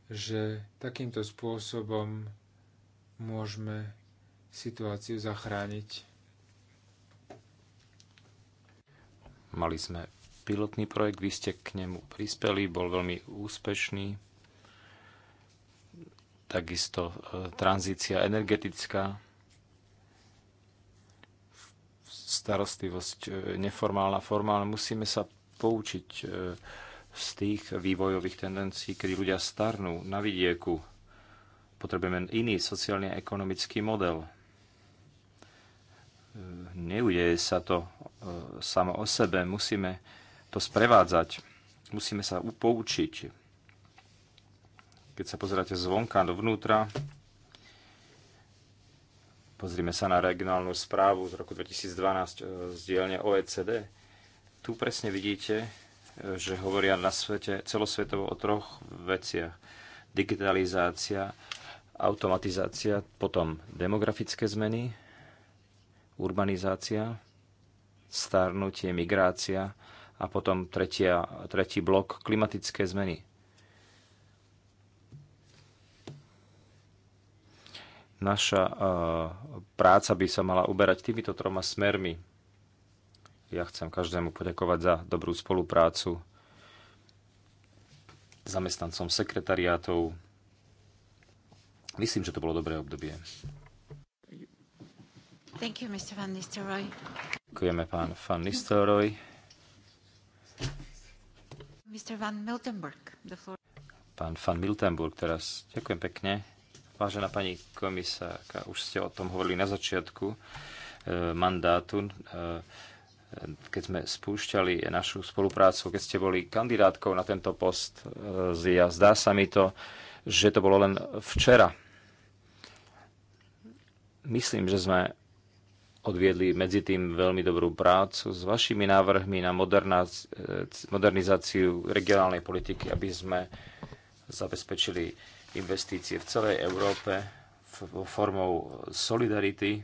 že takýmto spôsobom môžeme situáciu zachrániť. Mali sme pilotný projekt, vy ste k nemu prispeli, bol veľmi úspešný. Takisto e, tranzícia energetická, starostlivosť e, neformálna, formálna. Musíme sa poučiť e, z tých vývojových tendencií, kedy ľudia starnú na vidieku. Potrebujeme iný sociálne-ekonomický model neudeje sa to e, samo o sebe, musíme to sprevádzať, musíme sa upoučiť. Keď sa pozeráte zvonka dovnútra, pozrime sa na regionálnu správu z roku 2012 e, z dielne OECD, tu presne vidíte, e, že hovoria na svete celosvetovo o troch veciach. Digitalizácia, automatizácia, potom demografické zmeny urbanizácia, starnutie, migrácia a potom tretia, tretí blok klimatické zmeny. Naša eh, práca by sa mala uberať týmito troma smermi. Ja chcem každému poďakovať za dobrú spoluprácu zamestnancom sekretariátov. Myslím, že to bolo dobré obdobie. Thank you, Mr. Van Nistelrooy. Ďakujeme, pán Van Nistelrooy. Mr. Van Miltenburg, the floor. Pán Van Miltenburg teraz. Ďakujem pekne. Vážená pani komisárka, už ste o tom hovorili na začiatku e, mandátu. E, keď sme spúšťali našu spoluprácu, keď ste boli kandidátkou na tento post e, ZIA. Zdá sa mi to, že to bolo len včera. Myslím, že sme odviedli medzi tým veľmi dobrú prácu s vašimi návrhmi na eh, modernizáciu regionálnej politiky, aby sme zabezpečili investície v celej Európe formou solidarity.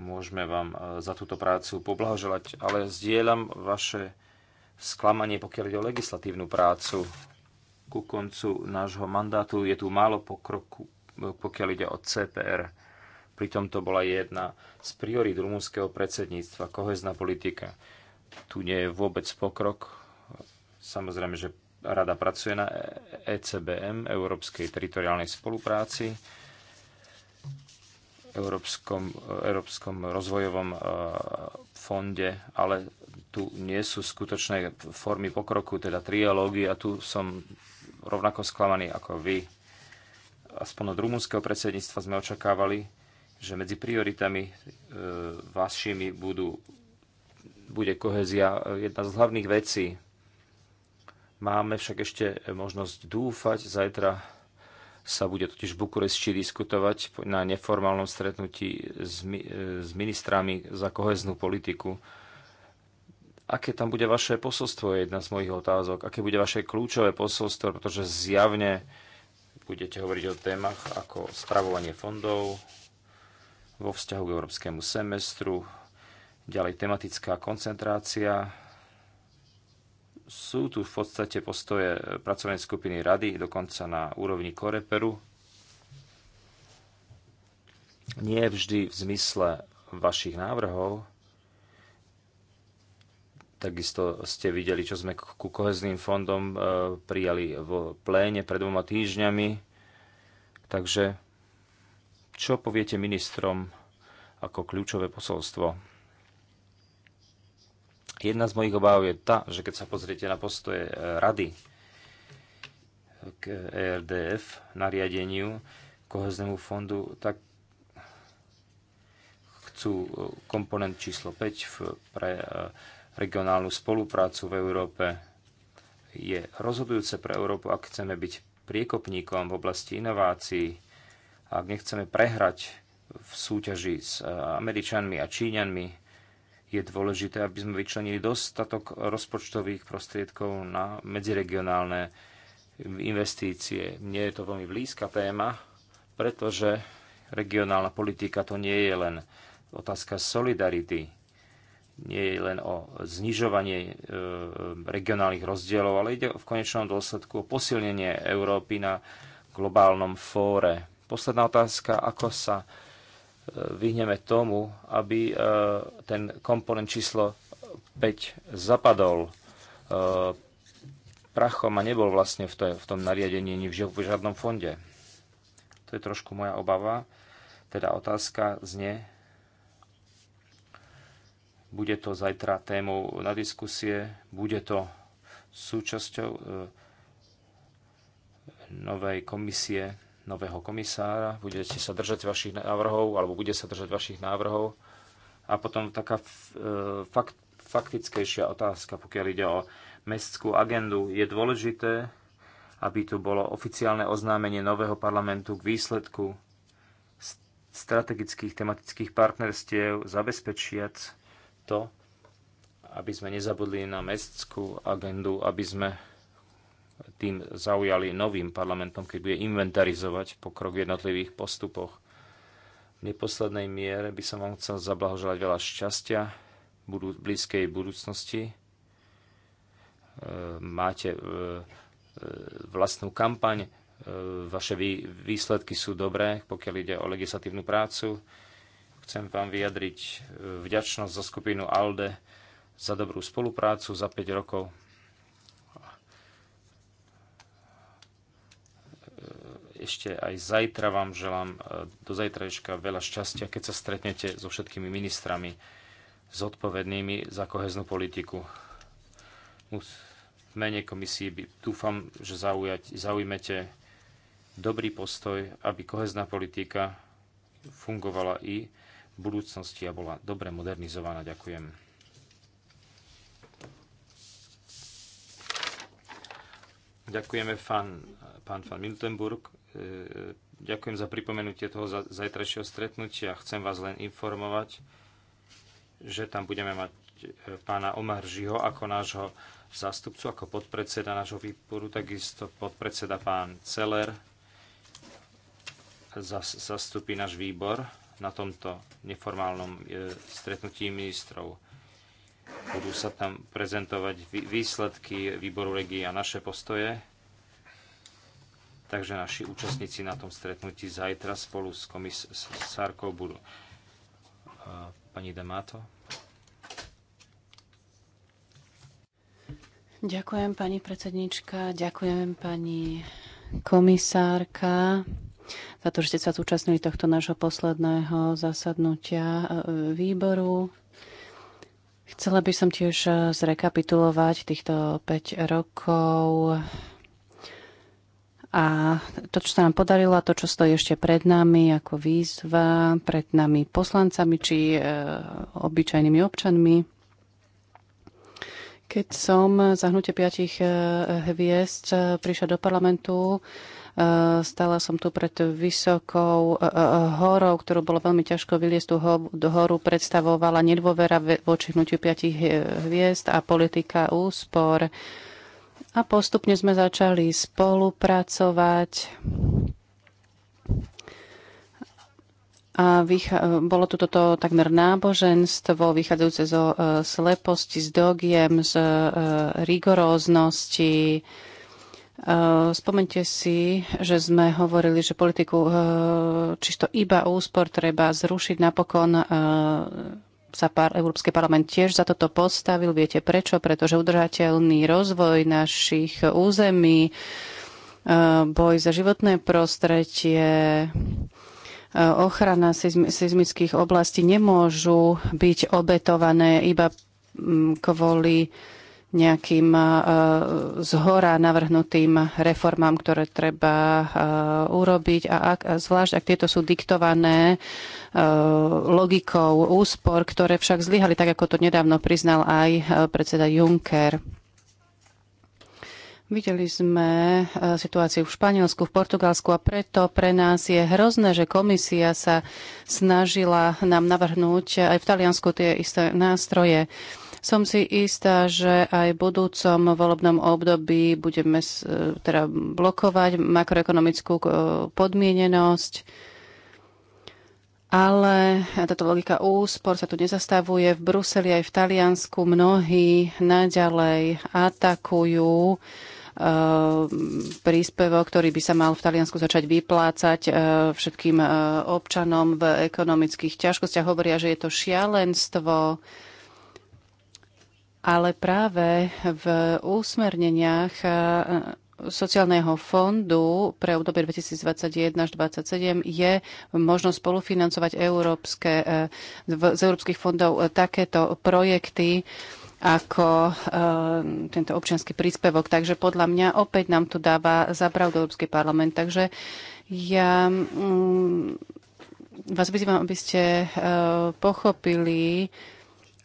Môžeme vám eh, za túto prácu poblahoželať, ale zdieľam vaše sklamanie, pokiaľ ide o legislatívnu prácu. Ku koncu nášho mandátu je tu málo pokroku, eh, pokiaľ ide o CPR Pritom to bola jedna z priorít rumúnskeho predsedníctva, kohezná politika. Tu nie je vôbec pokrok. Samozrejme, že rada pracuje na ECBM, Európskej teritoriálnej spolupráci, Európskom, Európskom rozvojovom e, fonde, ale tu nie sú skutočné formy pokroku, teda trialógy a tu som rovnako sklamaný ako vy. Aspoň od rumúnskeho predsedníctva sme očakávali, že medzi prioritami e, vašimi budú, bude kohezia e, jedna z hlavných vecí. Máme však ešte možnosť dúfať. Zajtra sa bude totiž v Bukurešti diskutovať na neformálnom stretnutí s, mi, e, s ministrami za koheznú politiku. Aké tam bude vaše posolstvo, je jedna z mojich otázok. Aké bude vaše kľúčové posolstvo, pretože zjavne budete hovoriť o témach ako spravovanie fondov, vo vzťahu k európskemu semestru, ďalej tematická koncentrácia. Sú tu v podstate postoje pracovnej skupiny rady, dokonca na úrovni Koreperu. Nie vždy v zmysle vašich návrhov. Takisto ste videli, čo sme ku kohezným fondom e, prijali v pléne pred dvoma týždňami. Takže čo poviete ministrom ako kľúčové posolstvo? Jedna z mojich obáv je tá, že keď sa pozriete na postoje eh, rady k ERDF, nariadeniu koheznému fondu, tak chcú eh, komponent číslo 5 pre eh, regionálnu spoluprácu v Európe. Je rozhodujúce pre Európu, ak chceme byť priekopníkom v oblasti inovácií, ak nechceme prehrať v súťaži s e, Američanmi a Číňanmi, je dôležité, aby sme vyčlenili dostatok rozpočtových prostriedkov na medziregionálne investície. Nie je to veľmi blízka téma, pretože regionálna politika to nie je len otázka solidarity, nie je len o znižovanie e, regionálnych rozdielov, ale ide v konečnom dôsledku o posilnenie Európy na globálnom fóre posledná otázka, ako sa e, vyhneme tomu, aby e, ten komponent číslo 5 zapadol e, prachom a nebol vlastne v tom nariadení ani v žiadnom fonde. To je trošku moja obava. Teda otázka znie, bude to zajtra témou na diskusie, bude to súčasťou novej komisie nového komisára, budete sa držať vašich návrhov, alebo bude sa držať vašich návrhov. A potom taká e, fakt, faktickejšia otázka, pokiaľ ide o mestskú agendu. Je dôležité, aby tu bolo oficiálne oznámenie nového parlamentu k výsledku strategických tematických partnerstiev, zabezpečiať to, aby sme nezabudli na mestskú agendu, aby sme tým zaujali novým parlamentom, keď bude inventarizovať pokrok v jednotlivých postupoch. V neposlednej miere by som vám chcel zablahoželať veľa šťastia v blízkej budúcnosti. E, máte e, e, vlastnú kampaň, vaše výsledky sú dobré, pokiaľ ide o legislatívnu prácu. Chcem vám vyjadriť vďačnosť za skupinu ALDE za dobrú spoluprácu za 5 rokov ešte aj zajtra vám želám e, do zajtrajška veľa šťastia, keď sa stretnete so všetkými ministrami zodpovednými za koheznú politiku. V mene komisii by, dúfam, že zaujať, zaujmete dobrý postoj, aby kohezná politika fungovala i v budúcnosti a bola dobre modernizovaná. Ďakujem. Ďakujeme pán, pán van Miltenburg. E, ďakujem za pripomenutie toho zajtrajšieho stretnutia. Chcem vás len informovať, že tam budeme mať e, pána Omar Žiho ako nášho zástupcu, ako podpredseda nášho výboru, takisto podpredseda pán Celer zastupí náš výbor na tomto neformálnom e, stretnutí ministrov. Budú sa tam prezentovať výsledky výboru regií a naše postoje Takže naši účastníci na tom stretnutí zajtra spolu s komisárkou budú pani Damato. Ďakujem pani predsednička, ďakujem pani komisárka za to, že ste sa zúčastnili tohto nášho posledného zasadnutia e, výboru. Chcela by som tiež e, zrekapitulovať týchto 5 rokov a to, čo sa nám podarilo to, čo stojí ešte pred nami ako výzva, pred nami poslancami či e, obyčajnými občanmi. Keď som za hnutie piatich e, hviezd e, prišla do parlamentu, e, stala som tu pred vysokou e, horou, ktorú bolo veľmi ťažko vyliesť. Tú horu predstavovala nedôvera voči hnutiu piatich hviezd a politika úspor a postupne sme začali spolupracovať. A bolo tu toto takmer náboženstvo, vychádzajúce zo e, sleposti, z dogiem, z e, rigoróznosti. E, spomente si, že sme hovorili, že politiku e, čisto iba úspor treba zrušiť napokon. E, sa par, Európsky parlament tiež za toto postavil. Viete prečo? Pretože udržateľný rozvoj našich území, e, boj za životné prostredie, e, ochrana seizmických oblastí nemôžu byť obetované iba mm, kvôli nejakým e, zhora navrhnutým reformám, ktoré treba e, urobiť. A ak, zvlášť ak tieto sú diktované e, logikou úspor, ktoré však zlyhali, tak ako to nedávno priznal aj predseda Juncker. Videli sme situáciu v Španielsku, v Portugalsku a preto pre nás je hrozné, že komisia sa snažila nám navrhnúť aj v Taliansku tie isté nástroje. Som si istá, že aj v budúcom volebnom období budeme e, teda blokovať makroekonomickú e, podmienenosť, ale táto logika úspor sa tu nezastavuje. V Bruseli aj v Taliansku mnohí naďalej atakujú e, príspevok, ktorý by sa mal v Taliansku začať vyplácať všetkým občanom v ekonomických ťažkostiach. Hovoria, že je to šialenstvo, ale práve v úsmerneniach e, sociálneho fondu pre obdobie 2021 až 2027 je možnosť spolufinancovať európske, e, z európskych fondov e, takéto projekty ako tento občianský príspevok. Takže podľa mňa opäť nám tu dáva zapravdu Európsky parlament. Takže ja mm, vás vyzývam, aby ste pochopili,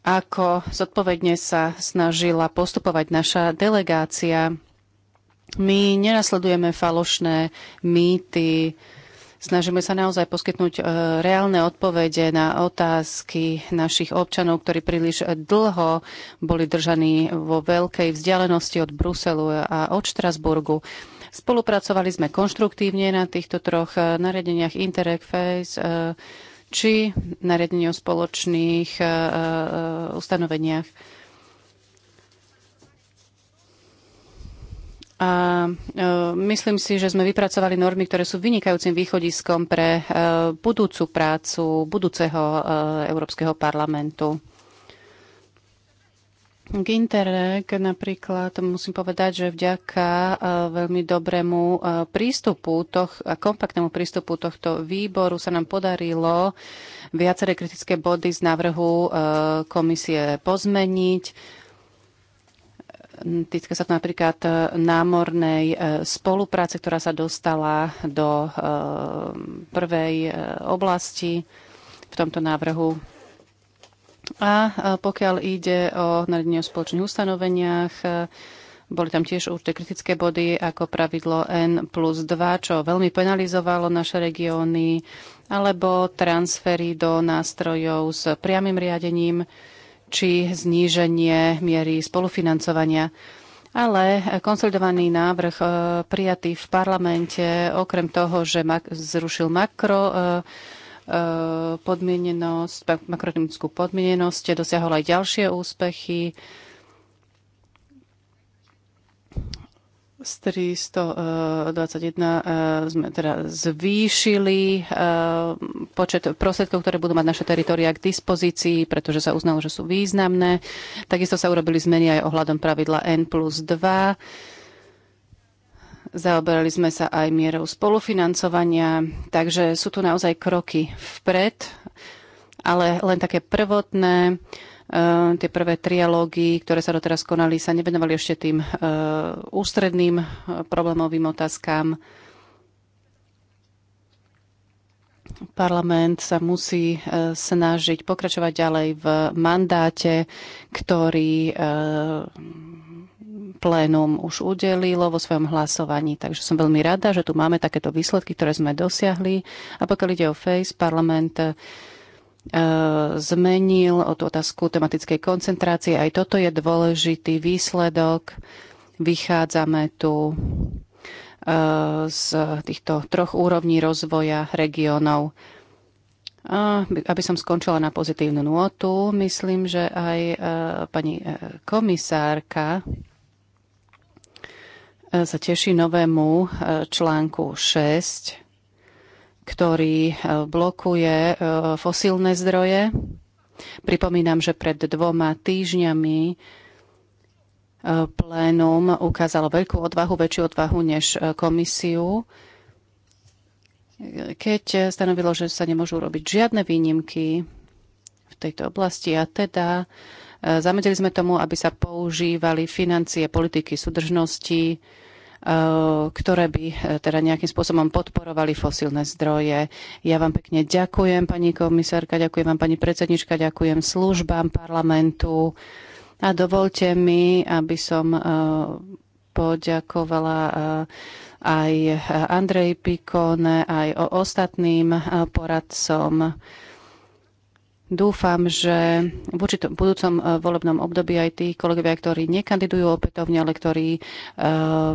ako zodpovedne sa snažila postupovať naša delegácia. My nenasledujeme falošné mýty, snažíme sa naozaj poskytnúť e, reálne odpovede na otázky našich občanov, ktorí príliš dlho boli držaní vo veľkej vzdialenosti od Bruselu a od Štrasburgu. Spolupracovali sme konštruktívne na týchto troch e, nariadeniach Interreg Face, e, či nariadenie o spoločných e, e, ustanoveniach. A e, myslím si, že sme vypracovali normy, ktoré sú vynikajúcim východiskom pre budúcu prácu budúceho Európskeho parlamentu. K napríklad musím povedať, že vďaka e, veľmi dobrému e, prístupu toch, a kompaktnému prístupu tohto výboru sa nám podarilo viaceré kritické body z návrhu e, komisie pozmeniť. Týka sa to napríklad námornej spolupráce, ktorá sa dostala do prvej oblasti v tomto návrhu a pokiaľ ide o nariadenie o spoločných ustanoveniach, e, boli tam tiež určité kritické body ako pravidlo N plus 2, čo veľmi penalizovalo naše regióny, alebo transfery do nástrojov s priamým riadením či zníženie miery spolufinancovania. Ale konsolidovaný návrh e, prijatý v parlamente, okrem toho, že zrušil makro e, Eh, podmienenosť, makroekonomickú podmienenosť, dosiahol aj ďalšie úspechy. z 321 eh, eh, sme teda zvýšili počet prostriedkov, ktoré budú mať naše teritoria k dispozícii, pretože sa uznalo, že sú významné. Takisto sa urobili zmeny aj ohľadom pravidla N plus 2 Zaoberali sme sa aj mierou spolufinancovania, takže sú tu naozaj kroky vpred, ale len také prvotné. E, tie prvé trialógy, ktoré sa doteraz konali, sa nevenovali ešte tým e, ústredným e, problémovým otázkam. Parlament sa musí snažiť pokračovať ďalej v mandáte, ktorý plénum už udelilo vo svojom hlasovaní. Takže som veľmi rada, že tu máme takéto výsledky, ktoré sme dosiahli. A pokiaľ ide o FACE, parlament e, zmenil tú otázku tematickej koncentrácie. Aj toto je dôležitý výsledok. Vychádzame tu e, z týchto troch úrovní rozvoja regiónov. Aby som skončila na pozitívnu notu, myslím, že aj e, pani komisárka sa teší novému e, článku 6, ktorý e, blokuje e, fosílne zdroje. Pripomínam, že pred dvoma týždňami plénum ukázalo veľkú odvahu, väčšiu odvahu než komisiu, keď stanovilo, že sa nemôžu robiť žiadne výnimky v tejto oblasti a teda zamedzili sme tomu, aby sa používali financie politiky súdržnosti Eh, ktoré by eh, teda nejakým spôsobom podporovali fosílne zdroje. Ja vám pekne ďakujem, pani komisárka, ďakujem vám, pani predsednička, ďakujem službám parlamentu. A dovolte mi, aby som eh, poďakovala aj Andrej Pikone, aj ostatným poradcom Dúfam, že v určitom budúcom eh, volebnom období aj tí kolegovia, ktorí nekandidujú opätovne, ale ktorí eh,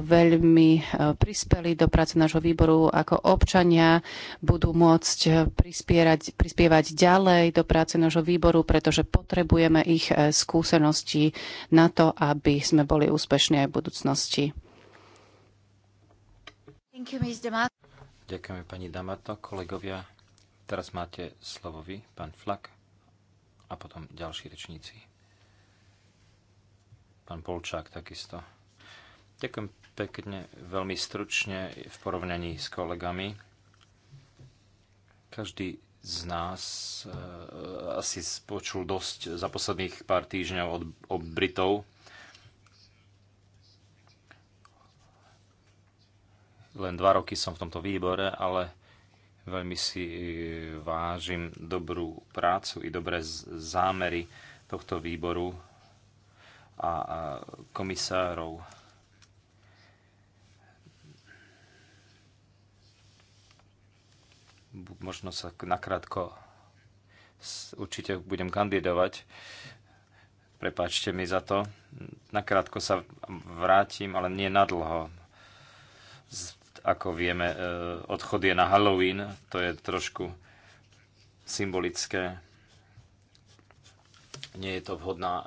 veľmi eh, prispeli do práce nášho výboru ako občania, budú môcť prispierať, prispievať ďalej do práce nášho výboru, pretože potrebujeme ich skúsenosti na to, aby sme boli úspešní aj v budúcnosti. Ďakujeme pani Damato. Kolegovia, teraz máte slovo vy, pán Flak a potom ďalší rečníci. Pán Polčák takisto. Ďakujem pekne, veľmi stručne v porovnaní s kolegami. Každý z nás e, asi počul dosť za posledných pár týždňov od, od Britov. Len dva roky som v tomto výbore, ale Veľmi si e, vážim dobrú prácu i dobré zámery tohto výboru a komisárov. Možno sa nakrátko určite budem kandidovať. Prepáčte mi za to. Nakrátko sa vrátim, ale nie nadlho. Ako vieme, e, odchod je na Halloween, to je trošku symbolické. Nie je to vhodná e,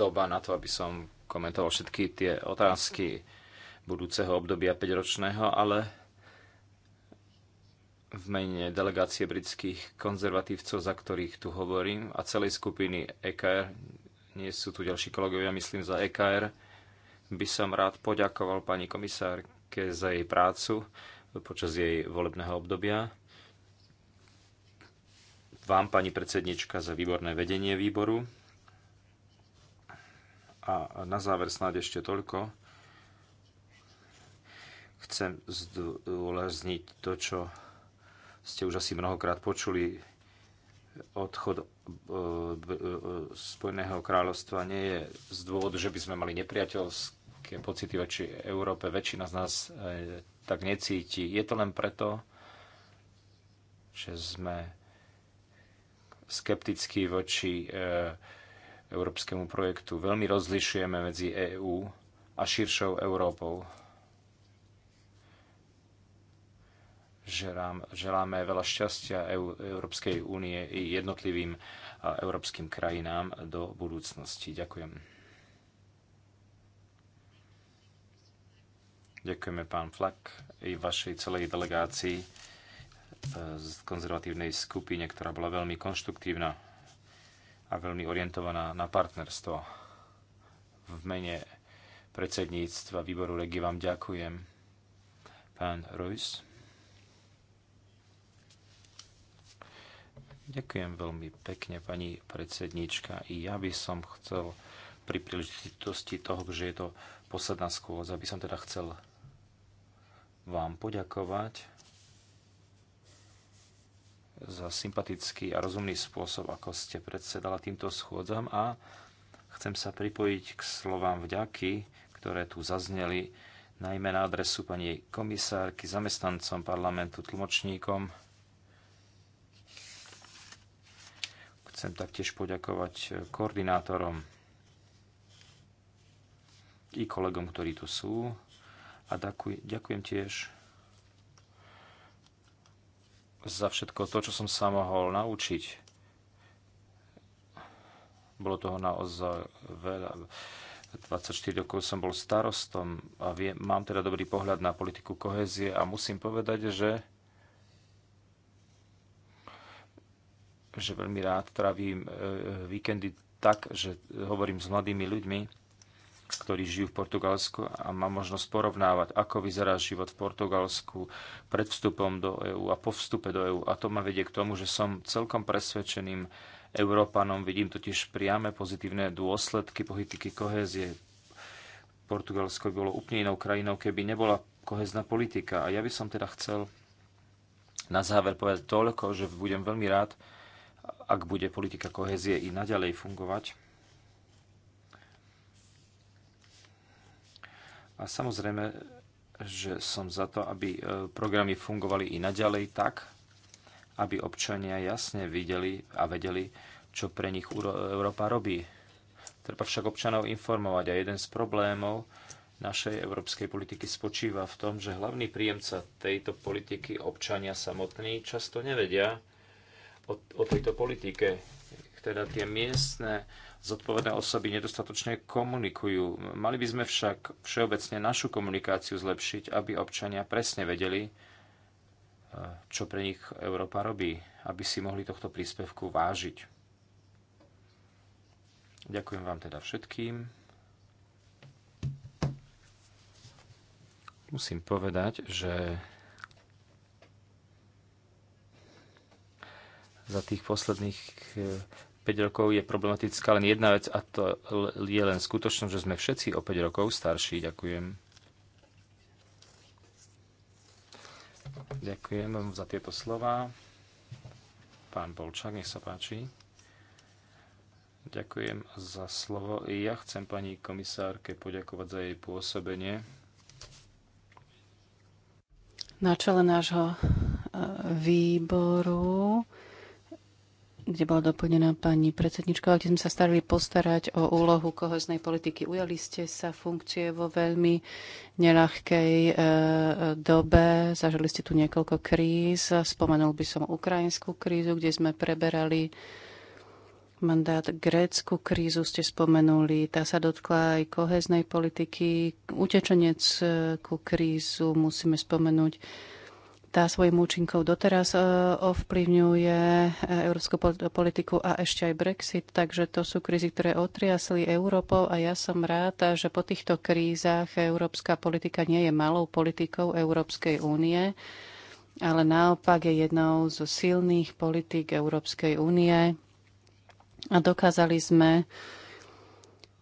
doba na to, aby som komentoval všetky tie otázky budúceho obdobia 5-ročného, ale v mene delegácie britských konzervatívcov, za ktorých tu hovorím, a celej skupiny EKR, nie sú tu ďalší kolegovia, myslím za EKR, by som rád poďakoval pani komisárke Šáke za jej prácu počas jej volebného obdobia. Vám, pani predsednička, za výborné vedenie výboru. A na záver snáď ešte toľko. Chcem zdôrazniť to, čo ste už asi mnohokrát počuli. Odchod e, e, e, Spojeného kráľovstva nie je z dôvodu, že by sme mali nepriateľské také pocity voči Európe. Väčšina z nás e, tak necíti. Je to len preto, že sme skeptickí voči e, európskemu projektu. Veľmi rozlišujeme medzi EÚ a širšou Európou. želáme veľa šťastia Európskej únie i jednotlivým európskym krajinám do budúcnosti. Ďakujem. Ďakujeme, pán Flak, i vašej celej delegácii e, z konzervatívnej skupine, ktorá bola veľmi konštruktívna a veľmi orientovaná na partnerstvo. V mene predsedníctva výboru Regi vám ďakujem. Pán Rojs. Ďakujem veľmi pekne, pani predsedníčka. I ja by som chcel pri príležitosti toho, že je to posledná skôdza, aby som teda chcel vám poďakovať za sympatický a rozumný spôsob, ako ste predsedala týmto schôdzam a chcem sa pripojiť k slovám vďaky, ktoré tu zazneli, najmä na adresu pani komisárky, zamestnancom parlamentu, tlmočníkom. Chcem taktiež poďakovať koordinátorom i kolegom, ktorí tu sú a ďakujem tiež za všetko to, čo som sa mohol naučiť. Bolo toho naozaj veľa. 24 rokov som bol starostom a mám teda dobrý pohľad na politiku kohézie a musím povedať, že že veľmi rád trávim e, e, víkendy tak, že hovorím s mladými ľuďmi ktorí žijú v Portugalsku a má možnosť porovnávať, ako vyzerá život v Portugalsku pred vstupom do EÚ a po vstupe do EÚ. A to ma vedie k tomu, že som celkom presvedčeným Európanom. Vidím totiž priame pozitívne dôsledky politiky kohézie. Portugalsko by bolo úplne inou krajinou, keby nebola kohezná politika. A ja by som teda chcel na záver povedať toľko, že budem veľmi rád, ak bude politika kohezie i naďalej fungovať A samozrejme, že som za to, aby e, programy fungovali i naďalej tak, aby občania jasne videli a vedeli, čo pre nich Európa robí. Treba však občanov informovať a jeden z problémov našej európskej politiky spočíva v tom, že hlavný príjemca tejto politiky, občania samotní, často nevedia o, o tejto politike teda tie miestne zodpovedné osoby nedostatočne komunikujú. Mali by sme však všeobecne našu komunikáciu zlepšiť, aby občania presne vedeli, e, čo pre nich Európa robí, aby si mohli tohto príspevku vážiť. Ďakujem vám teda všetkým. Musím povedať, že za tých posledných e, 5 rokov je problematická len jedna vec a to je len skutočnosť, že sme všetci o 5 rokov starší. Ďakujem. Ďakujem vám za tieto slova. Pán Polčák, nech sa páči. Ďakujem za slovo. Ja chcem pani komisárke poďakovať za jej pôsobenie. Na čele nášho e, výboru kde bola doplnená pani predsednička, kde sme sa starali postarať o úlohu kohoznej politiky. Ujali ste sa funkcie vo veľmi neľahkej e, dobe, zažili ste tu niekoľko kríz, spomenul by som ukrajinskú krízu, kde sme preberali mandát grécku krízu ste spomenuli, tá sa dotkla aj koheznej politiky, utečenec ku krízu musíme spomenúť tá svojim účinkov doteraz e, ovplyvňuje e, európsku politiku a ešte aj Brexit. Takže to sú krízy, ktoré otriasli Európou a ja som rád, že po týchto krízach európska politika nie je malou politikou Európskej únie, ale naopak je jednou zo silných politik Európskej únie a dokázali sme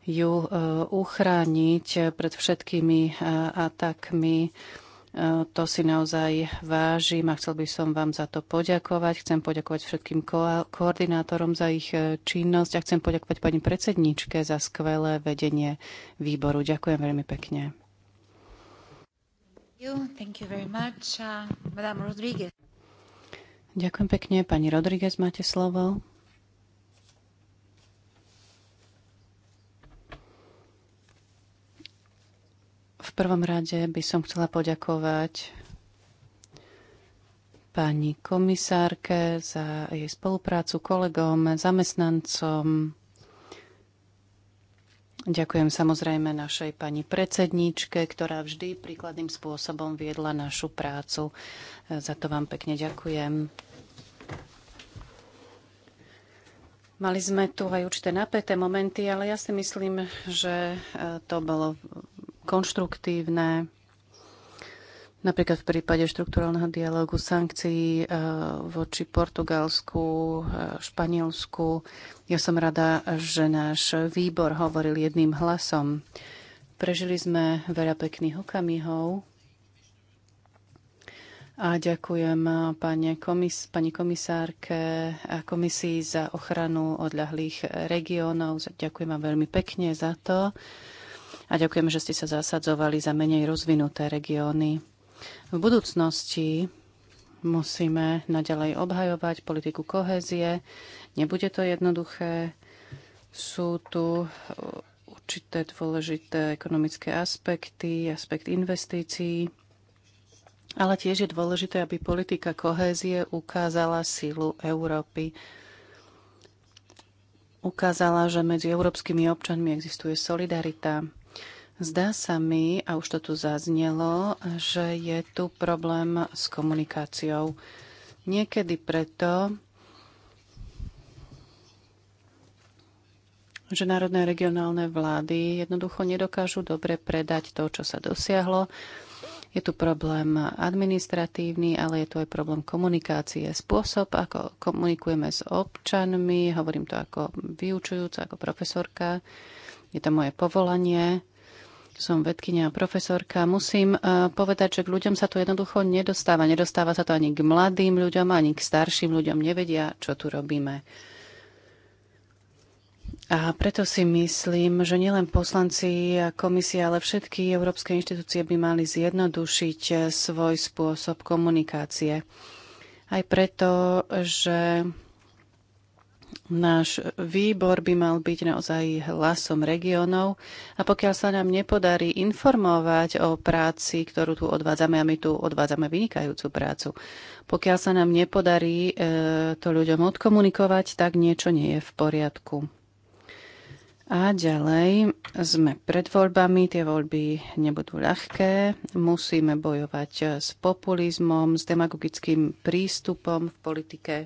ju e, uchrániť pred všetkými atakmi to si naozaj vážim a chcel by som vám za to poďakovať. Chcem poďakovať všetkým ko- koordinátorom za ich e, činnosť a chcem poďakovať pani predsedničke za skvelé vedenie výboru. Ďakujem veľmi pekne. Thank you very much. Uh, Ďakujem pekne. Pani Rodriguez máte slovo. prvom rade by som chcela poďakovať pani komisárke za jej spoluprácu, kolegom, zamestnancom. Ďakujem samozrejme našej pani predsedníčke, ktorá vždy príkladným spôsobom viedla našu prácu. Za to vám pekne ďakujem. Mali sme tu aj určité napäté momenty, ale ja si myslím, že e, to bolo konštruktívne. Napríklad v prípade štruktúrálneho dialogu sankcií eh, voči Portugalsku, eh, Španielsku. Ja som rada, že náš výbor hovoril jedným hlasom. Prežili sme veľa pekných okamihov a ďakujem eh, pani, komis- pani komisárke a komisii za ochranu odľahlých regiónov. Ďakujem vám veľmi pekne za to a ďakujem, že ste sa zasadzovali za menej rozvinuté regióny. V budúcnosti musíme naďalej obhajovať politiku kohézie. Nebude to jednoduché. Sú tu e, určité dôležité ekonomické aspekty, aspekt investícií, ale tiež je dôležité, aby politika kohézie ukázala sílu Európy. Ukázala, že medzi európskymi občanmi existuje solidarita, Zdá sa mi, a už to tu zaznelo, že je tu problém s komunikáciou. Niekedy preto, že národné a regionálne vlády jednoducho nedokážu dobre predať to, čo sa dosiahlo. Je tu problém administratívny, ale je tu aj problém komunikácie. Spôsob, ako komunikujeme s občanmi, hovorím to ako vyučujúca, ako profesorka, je to moje povolanie, som vedkynia a profesorka, musím e, povedať, že k ľuďom sa to jednoducho nedostáva. Nedostáva sa to ani k mladým ľuďom, ani k starším ľuďom. Nevedia, čo tu robíme. A preto si myslím, že nielen poslanci a komisia, ale všetky európske inštitúcie by mali zjednodušiť e, svoj spôsob komunikácie. Aj preto, že Náš výbor by mal byť naozaj hlasom regiónov a pokiaľ sa nám nepodarí informovať o práci, ktorú tu odvádzame, a my tu odvádzame vynikajúcu prácu, pokiaľ sa nám nepodarí e, to ľuďom odkomunikovať, tak niečo nie je v poriadku. A ďalej sme pred voľbami, tie voľby nebudú ľahké, musíme bojovať s populizmom, s demagogickým prístupom v politike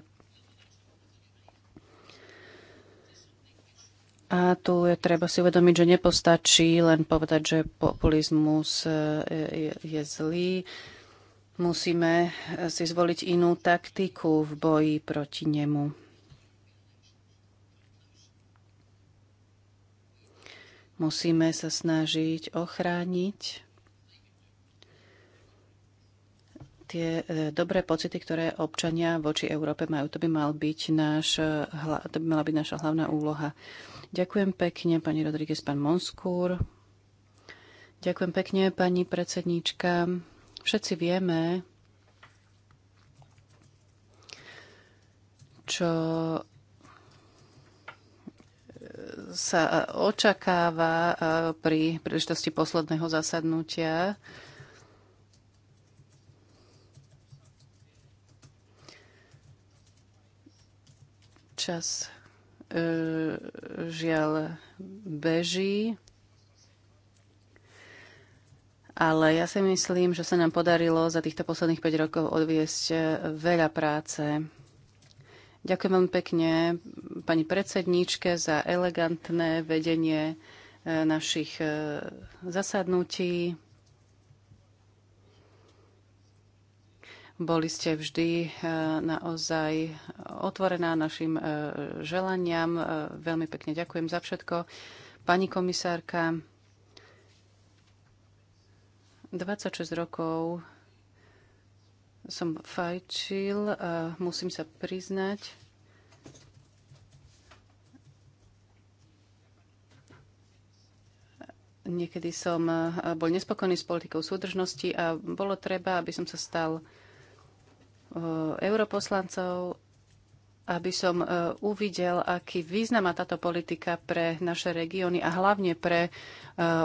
A tu je treba si uvedomiť, že nepostačí len povedať, že populizmus e, je, zlý. Musíme si zvoliť inú taktiku v boji proti nemu. Musíme sa snažiť ochrániť tie e, dobré pocity, ktoré občania voči Európe majú. To by, mal byť náš, to by mala byť naša hlavná úloha. Ďakujem pekne, pani Rodríguez, pán Monskúr. Ďakujem pekne, pani predsedníčka. Všetci vieme, čo sa očakáva e, pri príležitosti posledného zasadnutia. Čas E, žiaľ beží. Ale ja si myslím, že sa nám podarilo za týchto posledných 5 rokov odviesť e, veľa práce. Ďakujem veľmi pekne pani predsedníčke za elegantné vedenie e, našich zasadnutí. Boli ste vždy e, naozaj otvorená našim e, želaniam. E, veľmi pekne ďakujem za všetko. Pani komisárka, 26 rokov som fajčil, musím sa priznať. Niekedy som bol nespokojný s politikou súdržnosti a bolo treba, aby som sa stal Eh, europoslancov, aby som eh, uvidel, aký význam má táto politika pre naše regióny a hlavne pre eh,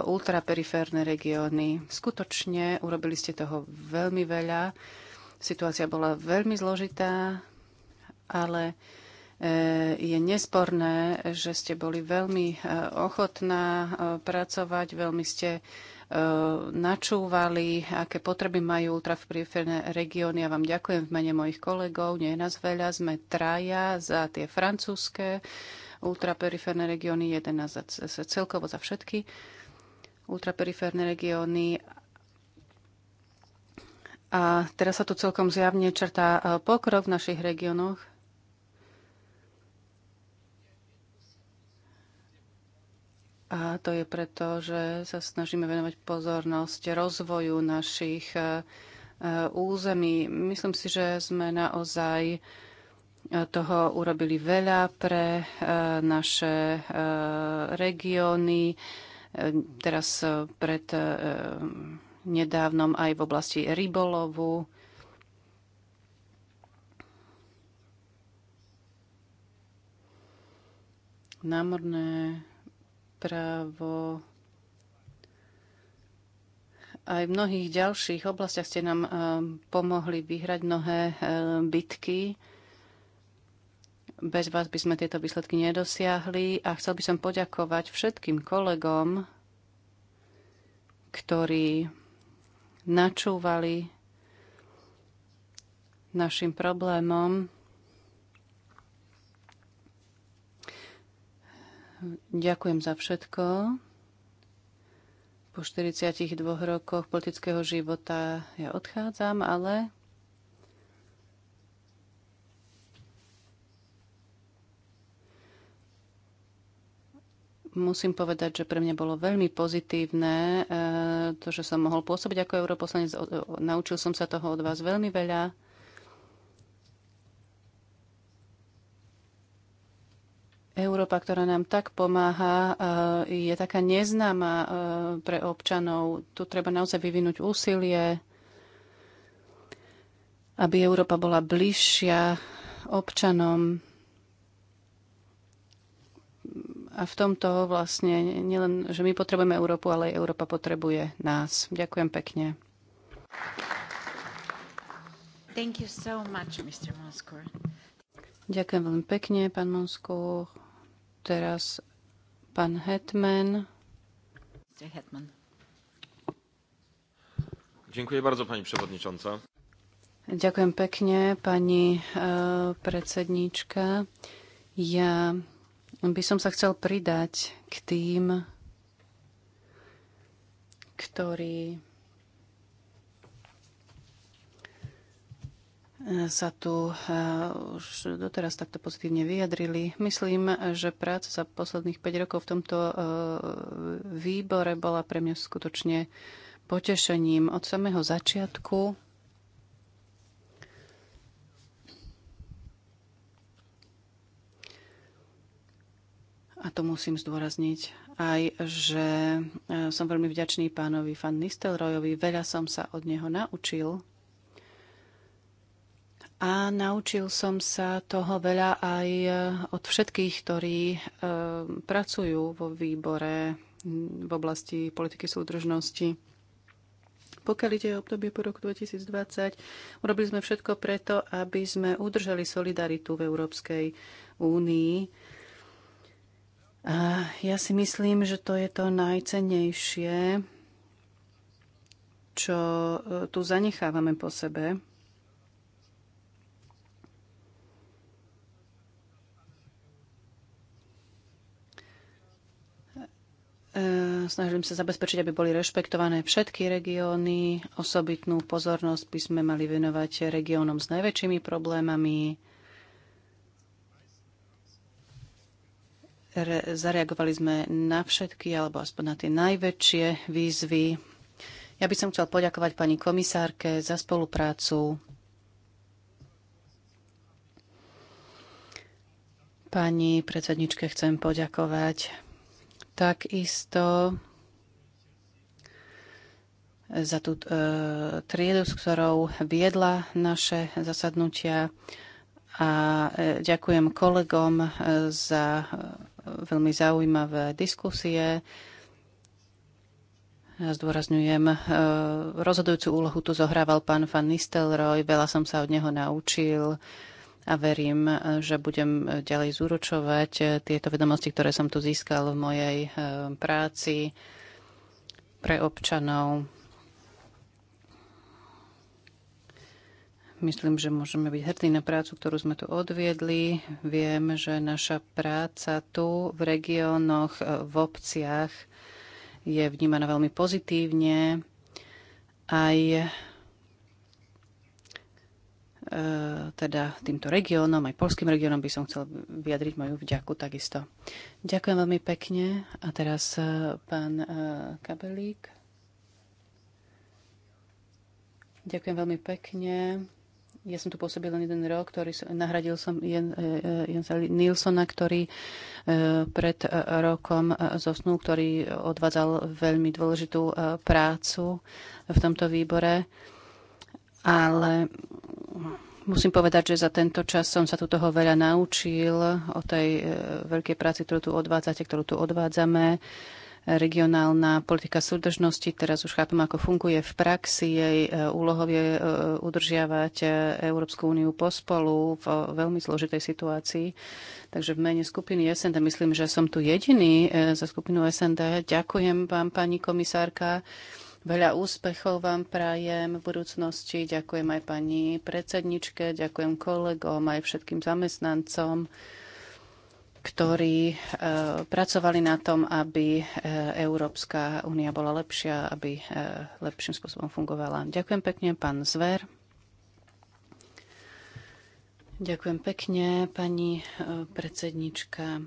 ultraperiférne regióny. Skutočne urobili ste toho veľmi veľa. Situácia bola veľmi zložitá, ale je nesporné, že ste boli veľmi ochotná pracovať, veľmi ste Eh, načúvali, aké potreby majú ultraperiférne regióny. Ja vám ďakujem v mene mojich kolegov, nie je nás veľa, sme traja za tie francúzske ultraperiférne regióny, jeden za, celkovo za všetky ultraperiférne regióny a teraz sa tu celkom zjavne črtá eh, pokrok v našich regiónoch. A to je preto, že sa snažíme venovať pozornosť rozvoju našich e, území. Myslím si, že sme naozaj e, toho urobili veľa pre e, naše regióny. Teraz pred nedávnom aj v oblasti rybolovu. Námorné právo. Aj v mnohých ďalších oblastiach ste nám eh, pomohli vyhrať mnohé eh, bitky. Bez vás by sme tieto výsledky nedosiahli a chcel by som poďakovať všetkým kolegom, ktorí načúvali našim problémom Ďakujem za všetko. Po 42 rokoch politického života ja odchádzam, ale musím povedať, že pre mňa bolo veľmi pozitívne e, to, že som mohol pôsobiť ako europoslanec. Naučil som sa toho od vás veľmi veľa. Európa, ktorá nám tak pomáha, eh, je taká neznáma eh, pre občanov. Tu treba naozaj vyvinúť úsilie, aby Európa bola bližšia občanom. A v tomto vlastne nielen, že my potrebujeme Európu, ale aj Európa potrebuje nás. Ďakujem pekne. Thank you so much, Mr. Ďakujem veľmi pekne, pán Monscourt. Teraz pán Hetman. Hetman. Dziękuję bardzo pani przewodnicząca. Ďakujem pekne, pani e, predsedníčka. Ja by som sa chcel pridať k tým, ktorí sa tu eh, už doteraz takto pozitívne vyjadrili. Myslím, že práca za posledných 5 rokov v tomto eh, výbore bola pre mňa skutočne potešením od samého začiatku. A to musím zdôrazniť aj, že eh, som veľmi vďačný pánovi Fan Nistelrojovi. Veľa som sa od neho naučil. A naučil som sa toho veľa aj e, od všetkých, ktorí e, pracujú vo výbore v oblasti politiky súdržnosti. Pokiaľ ide o obdobie po roku 2020, urobili sme všetko preto, aby sme udržali solidaritu v Európskej únii. A ja si myslím, že to je to najcennejšie, čo e, tu zanechávame po sebe E, snažím sa zabezpečiť, aby boli rešpektované všetky regióny. Osobitnú pozornosť by sme mali venovať regiónom s najväčšími problémami. Re- zareagovali sme na všetky, alebo aspoň na tie najväčšie výzvy. Ja by som chcel poďakovať pani komisárke za spoluprácu. Pani predsedničke chcem poďakovať Takisto za tú e, triedu, s ktorou viedla naše zasadnutia a e, ďakujem kolegom e, za e, veľmi zaujímavé diskusie. Ja zdôrazňujem, e, rozhodujúcu úlohu tu zohrával pán Van Nistelrooy, veľa som sa od neho naučil. E, a verím, e, že budem e, ďalej zúročovať e, tieto vedomosti, ktoré som tu získal v mojej práci pre občanov. Myslím, že môžeme byť hrdí na prácu, ktorú sme tu odviedli. Viem, že naša práca tu v regiónoch, v obciach je vnímaná veľmi pozitívne. Aj E, teda týmto regiónom, aj polským regiónom by som chcel vyjadriť moju vďaku takisto. Ďakujem veľmi pekne. A teraz e, pán e, Kabelík. Ďakujem veľmi pekne. Ja som tu pôsobil len jeden rok, ktorý nahradil som Jensa Nilsona, ktorý pred rokom zosnul, ktorý odvádzal veľmi dôležitú prácu v tomto výbore ale musím povedať, že za tento čas som sa tu toho veľa naučil o tej e, veľkej práci, ktorú tu odvádzate, ktorú tu odvádzame regionálna politika súdržnosti. Teraz už chápem, ako funguje v praxi. Jej e, úlohou je e, udržiavať Európsku úniu pospolu v veľmi zložitej situácii. Takže v mene skupiny SND myslím, že som tu jediný za skupinu SND. Ďakujem vám, pani komisárka. Veľa úspechov vám prajem v budúcnosti. Ďakujem aj pani predsedničke, ďakujem kolegom, aj všetkým zamestnancom, ktorí e, pracovali na tom, aby e, Európska únia bola lepšia, aby e, lepším spôsobom fungovala. Ďakujem pekne, pán Zver. Ďakujem pekne, pani predsednička.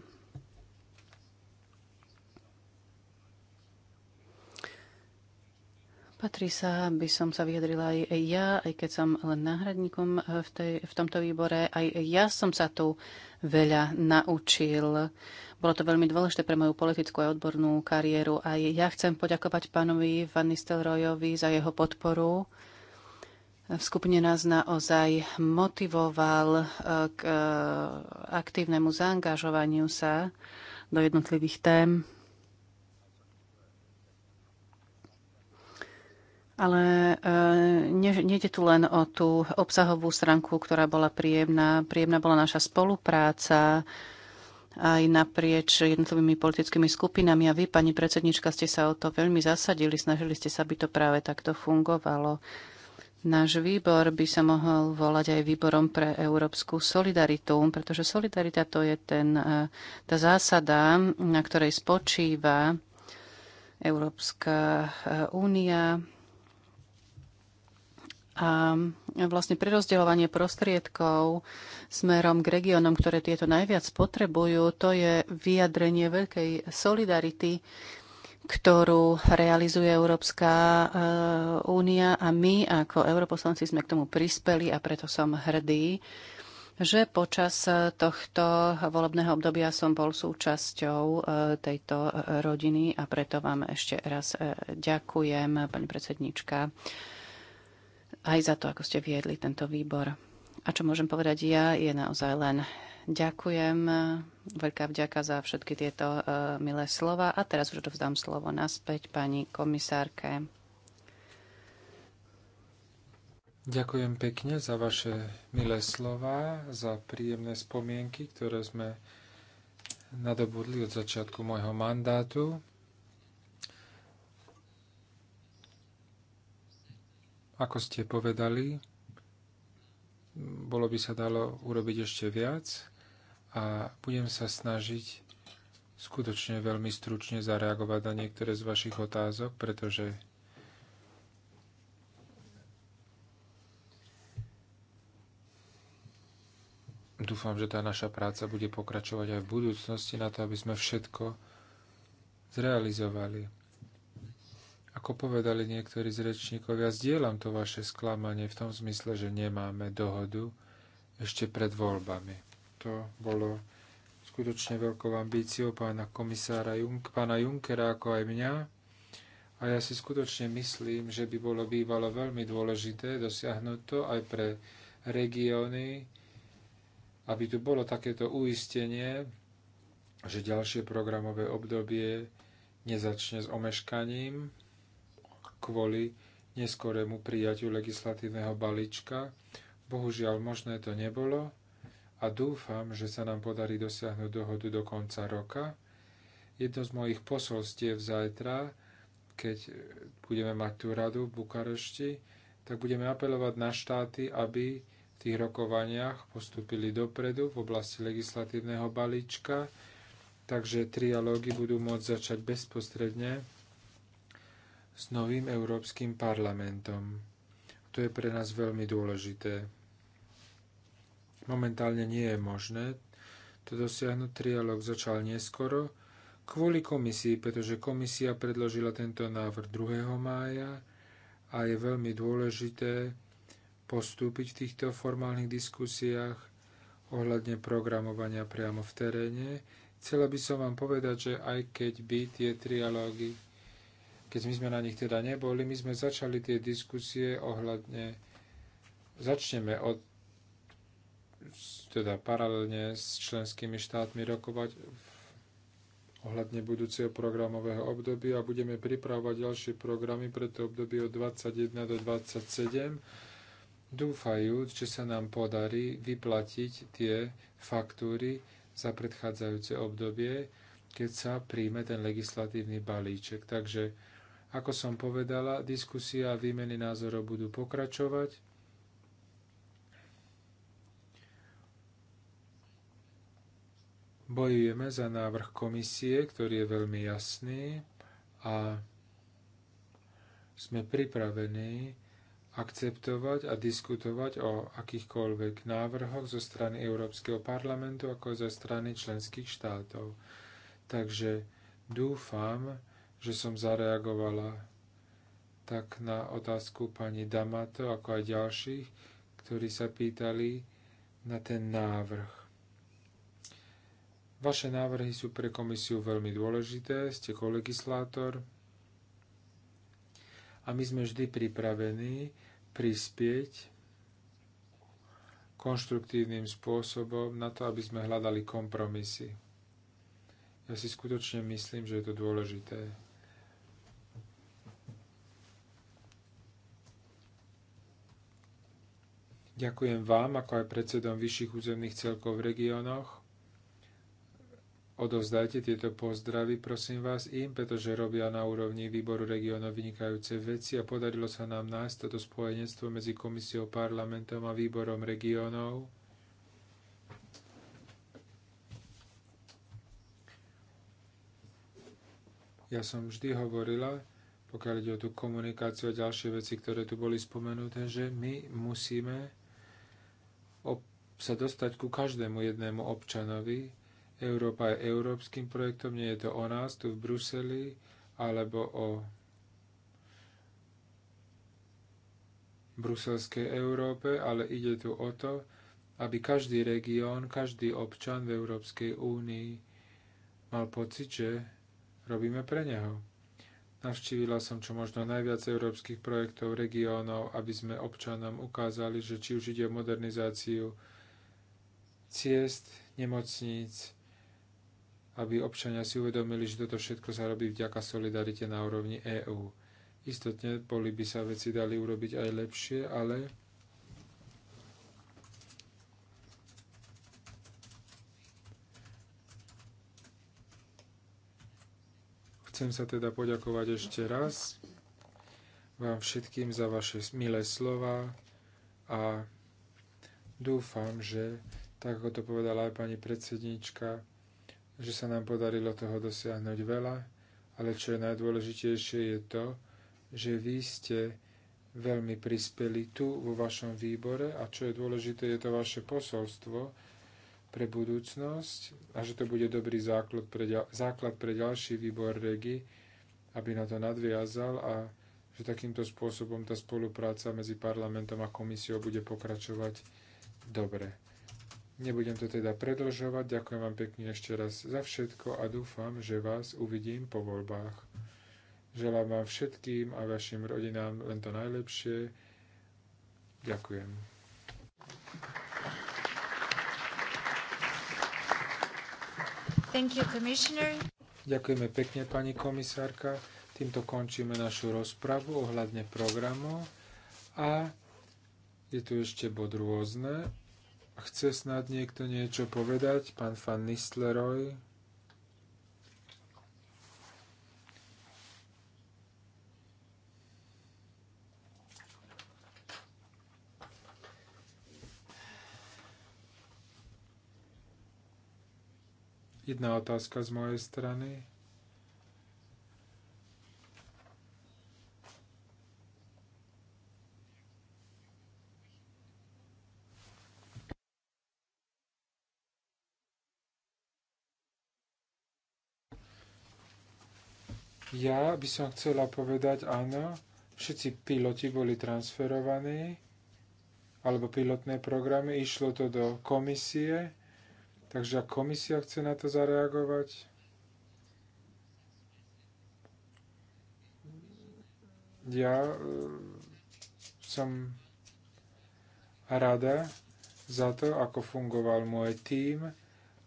Patrí sa, aby som sa vyjadrila aj ja, aj keď som len náhradníkom eh, v, tej, v tomto výbore. Aj ja som sa tu veľa naučil. Bolo to veľmi dôležité pre moju politickú a odbornú kariéru. Aj ja chcem poďakovať pánovi Van Nistelrojovi za jeho podporu. V skupine nás naozaj motivoval eh, k eh, aktívnemu zaangažovaniu sa do jednotlivých tém. Ale e, nejde tu len o tú obsahovú stránku, ktorá bola príjemná. Príjemná bola naša spolupráca aj naprieč jednotlivými politickými skupinami. A vy, pani predsednička, ste sa o to veľmi zasadili. Snažili ste sa, aby to práve takto fungovalo. Náš výbor by sa mohol volať aj výborom pre európsku solidaritu, pretože solidarita to je ten, e, tá zásada, na ktorej spočíva Európska e, únia, a vlastne prerozdeľovanie prostriedkov smerom k regiónom, ktoré tieto najviac potrebujú, to je vyjadrenie veľkej solidarity, ktorú realizuje Európska e, únia a my ako europoslanci sme k tomu prispeli a preto som hrdý, že počas tohto volebného obdobia som bol súčasťou e, tejto rodiny a preto vám ešte raz e, ďakujem, pani predsednička aj za to, ako ste viedli tento výbor. A čo môžem povedať ja, je naozaj len ďakujem. Veľká vďaka za všetky tieto e, milé slova. A teraz už dovzdám slovo naspäť pani komisárke. Ďakujem pekne za vaše milé slova, za príjemné spomienky, ktoré sme nadobudli od začiatku môjho mandátu. Ako ste povedali, bolo by sa dalo urobiť ešte viac a budem sa snažiť skutočne veľmi stručne zareagovať na niektoré z vašich otázok, pretože dúfam, že tá naša práca bude pokračovať aj v budúcnosti na to, aby sme všetko zrealizovali. Ako povedali niektorí z rečníkov, ja zdieľam to vaše sklamanie v tom zmysle, že nemáme dohodu ešte pred voľbami. To bolo skutočne veľkou ambíciou pána komisára Junk, pána Junkera ako aj mňa. A ja si skutočne myslím, že by bolo bývalo veľmi dôležité dosiahnuť to aj pre regióny, aby tu bolo takéto uistenie, že ďalšie programové obdobie nezačne s omeškaním kvôli neskorému prijatiu legislatívneho balíčka. Bohužiaľ, možné to nebolo a dúfam, že sa nám podarí dosiahnuť dohodu do konca roka. Jedno z mojich posolstiev zajtra, keď budeme mať tú radu v Bukarešti, tak budeme apelovať na štáty, aby v tých rokovaniach postúpili dopredu v oblasti legislatívneho balíčka, takže trialógy budú môcť začať bezprostredne s novým Európskym parlamentom. To je pre nás veľmi dôležité. Momentálne nie je možné to dosiahnuť. Trialog začal neskoro kvôli komisii, pretože komisia predložila tento návrh 2. mája a je veľmi dôležité postúpiť v týchto formálnych diskusiách ohľadne programovania priamo v teréne. Chcela by som vám povedať, že aj keď by tie trialógy keď my sme na nich teda neboli, my sme začali tie diskusie ohľadne, začneme od teda paralelne s členskými štátmi rokovať ohľadne budúceho programového obdobia a budeme pripravovať ďalšie programy pre to obdobie od 21 do 27, dúfajúc, že sa nám podarí vyplatiť tie faktúry za predchádzajúce obdobie, keď sa príjme ten legislatívny balíček. Takže ako som povedala, diskusia a výmeny názorov budú pokračovať. Bojujeme za návrh komisie, ktorý je veľmi jasný a sme pripravení akceptovať a diskutovať o akýchkoľvek návrhoch zo strany Európskeho parlamentu ako zo strany členských štátov. Takže dúfam, že som zareagovala tak na otázku pani Damato, ako aj ďalších, ktorí sa pýtali na ten návrh. Vaše návrhy sú pre komisiu veľmi dôležité, ste kolegislátor a my sme vždy pripravení prispieť konštruktívnym spôsobom na to, aby sme hľadali kompromisy. Ja si skutočne myslím, že je to dôležité. Ďakujem vám, ako aj predsedom vyšších územných celkov v regiónoch. Odovzdajte tieto pozdravy, prosím vás, im, pretože robia na úrovni výboru regiónov vynikajúce veci a podarilo sa nám nájsť toto spojenectvo medzi komisiou, parlamentom a výborom regiónov. Ja som vždy hovorila, pokiaľ ide o tú komunikáciu a ďalšie veci, ktoré tu boli spomenuté, že my musíme sa dostať ku každému jednému občanovi. Európa je európskym projektom, nie je to o nás tu v Bruseli, alebo o bruselskej Európe, ale ide tu o to, aby každý región, každý občan v Európskej únii mal pocit, že robíme pre neho. Navštívila som čo možno najviac európskych projektov, regiónov, aby sme občanom ukázali, že či už ide o modernizáciu ciest, nemocníc, aby občania si uvedomili, že toto všetko sa robí vďaka solidarite na úrovni EÚ. Istotne boli by sa veci dali urobiť aj lepšie, ale Chcem sa teda poďakovať ešte raz vám všetkým za vaše milé slova a dúfam, že tak ako to povedala aj pani predsednička, že sa nám podarilo toho dosiahnuť veľa, ale čo je najdôležitejšie je to, že vy ste veľmi prispeli tu vo vašom výbore a čo je dôležité je to vaše posolstvo, pre budúcnosť a že to bude dobrý základ pre, základ pre ďalší výbor REGI, aby na to nadviazal a že takýmto spôsobom tá spolupráca medzi parlamentom a komisiou bude pokračovať dobre. Nebudem to teda predlžovať, ďakujem vám pekne ešte raz za všetko a dúfam, že vás uvidím po voľbách. Želám vám všetkým a vašim rodinám len to najlepšie. Ďakujem. Ďakujeme pekne, pani komisárka. Týmto končíme našu rozpravu ohľadne programu. A je tu ešte bod rôzne. Chce snad niekto niečo povedať? Pán Fan Nistleroy? Jedna otázka z mojej strany. Ja by som chcela povedať áno, všetci piloti boli transferovaní, alebo pilotné programy, išlo to do komisie, Takže ak komisia chce na to zareagovať, ja e, som rada za to, ako fungoval môj tím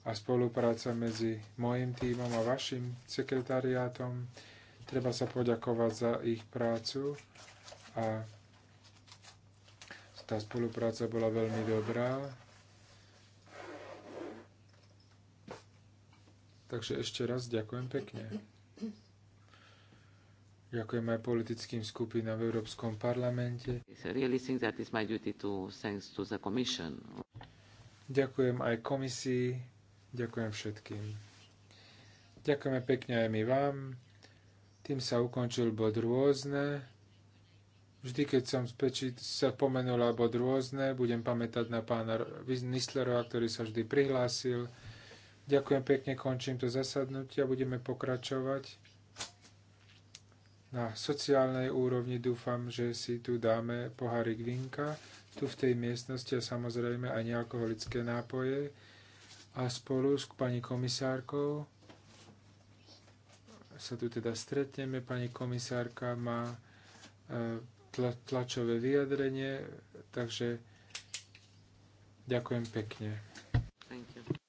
a spolupráca medzi môjim tímom a vašim sekretariátom. Treba sa poďakovať za ich prácu a tá spolupráca bola veľmi dobrá. Takže ešte raz ďakujem pekne. Ďakujem aj politickým skupinám v Európskom parlamente. Ďakujem aj komisii, ďakujem všetkým. Ďakujeme pekne aj my vám. Tým sa ukončil bod rôzne. Vždy, keď som spečiť, sa pomenula bod rôzne, budem pamätať na pána Nislerova, ktorý sa vždy prihlásil. Ďakujem pekne, končím to zasadnutie a budeme pokračovať na sociálnej úrovni. Dúfam, že si tu dáme pohárik vinka, tu v tej miestnosti a samozrejme aj nealkoholické nápoje a spolu s pani komisárkou sa tu teda stretneme. Pani komisárka má e, tlačové vyjadrenie, takže ďakujem pekne. Thank you.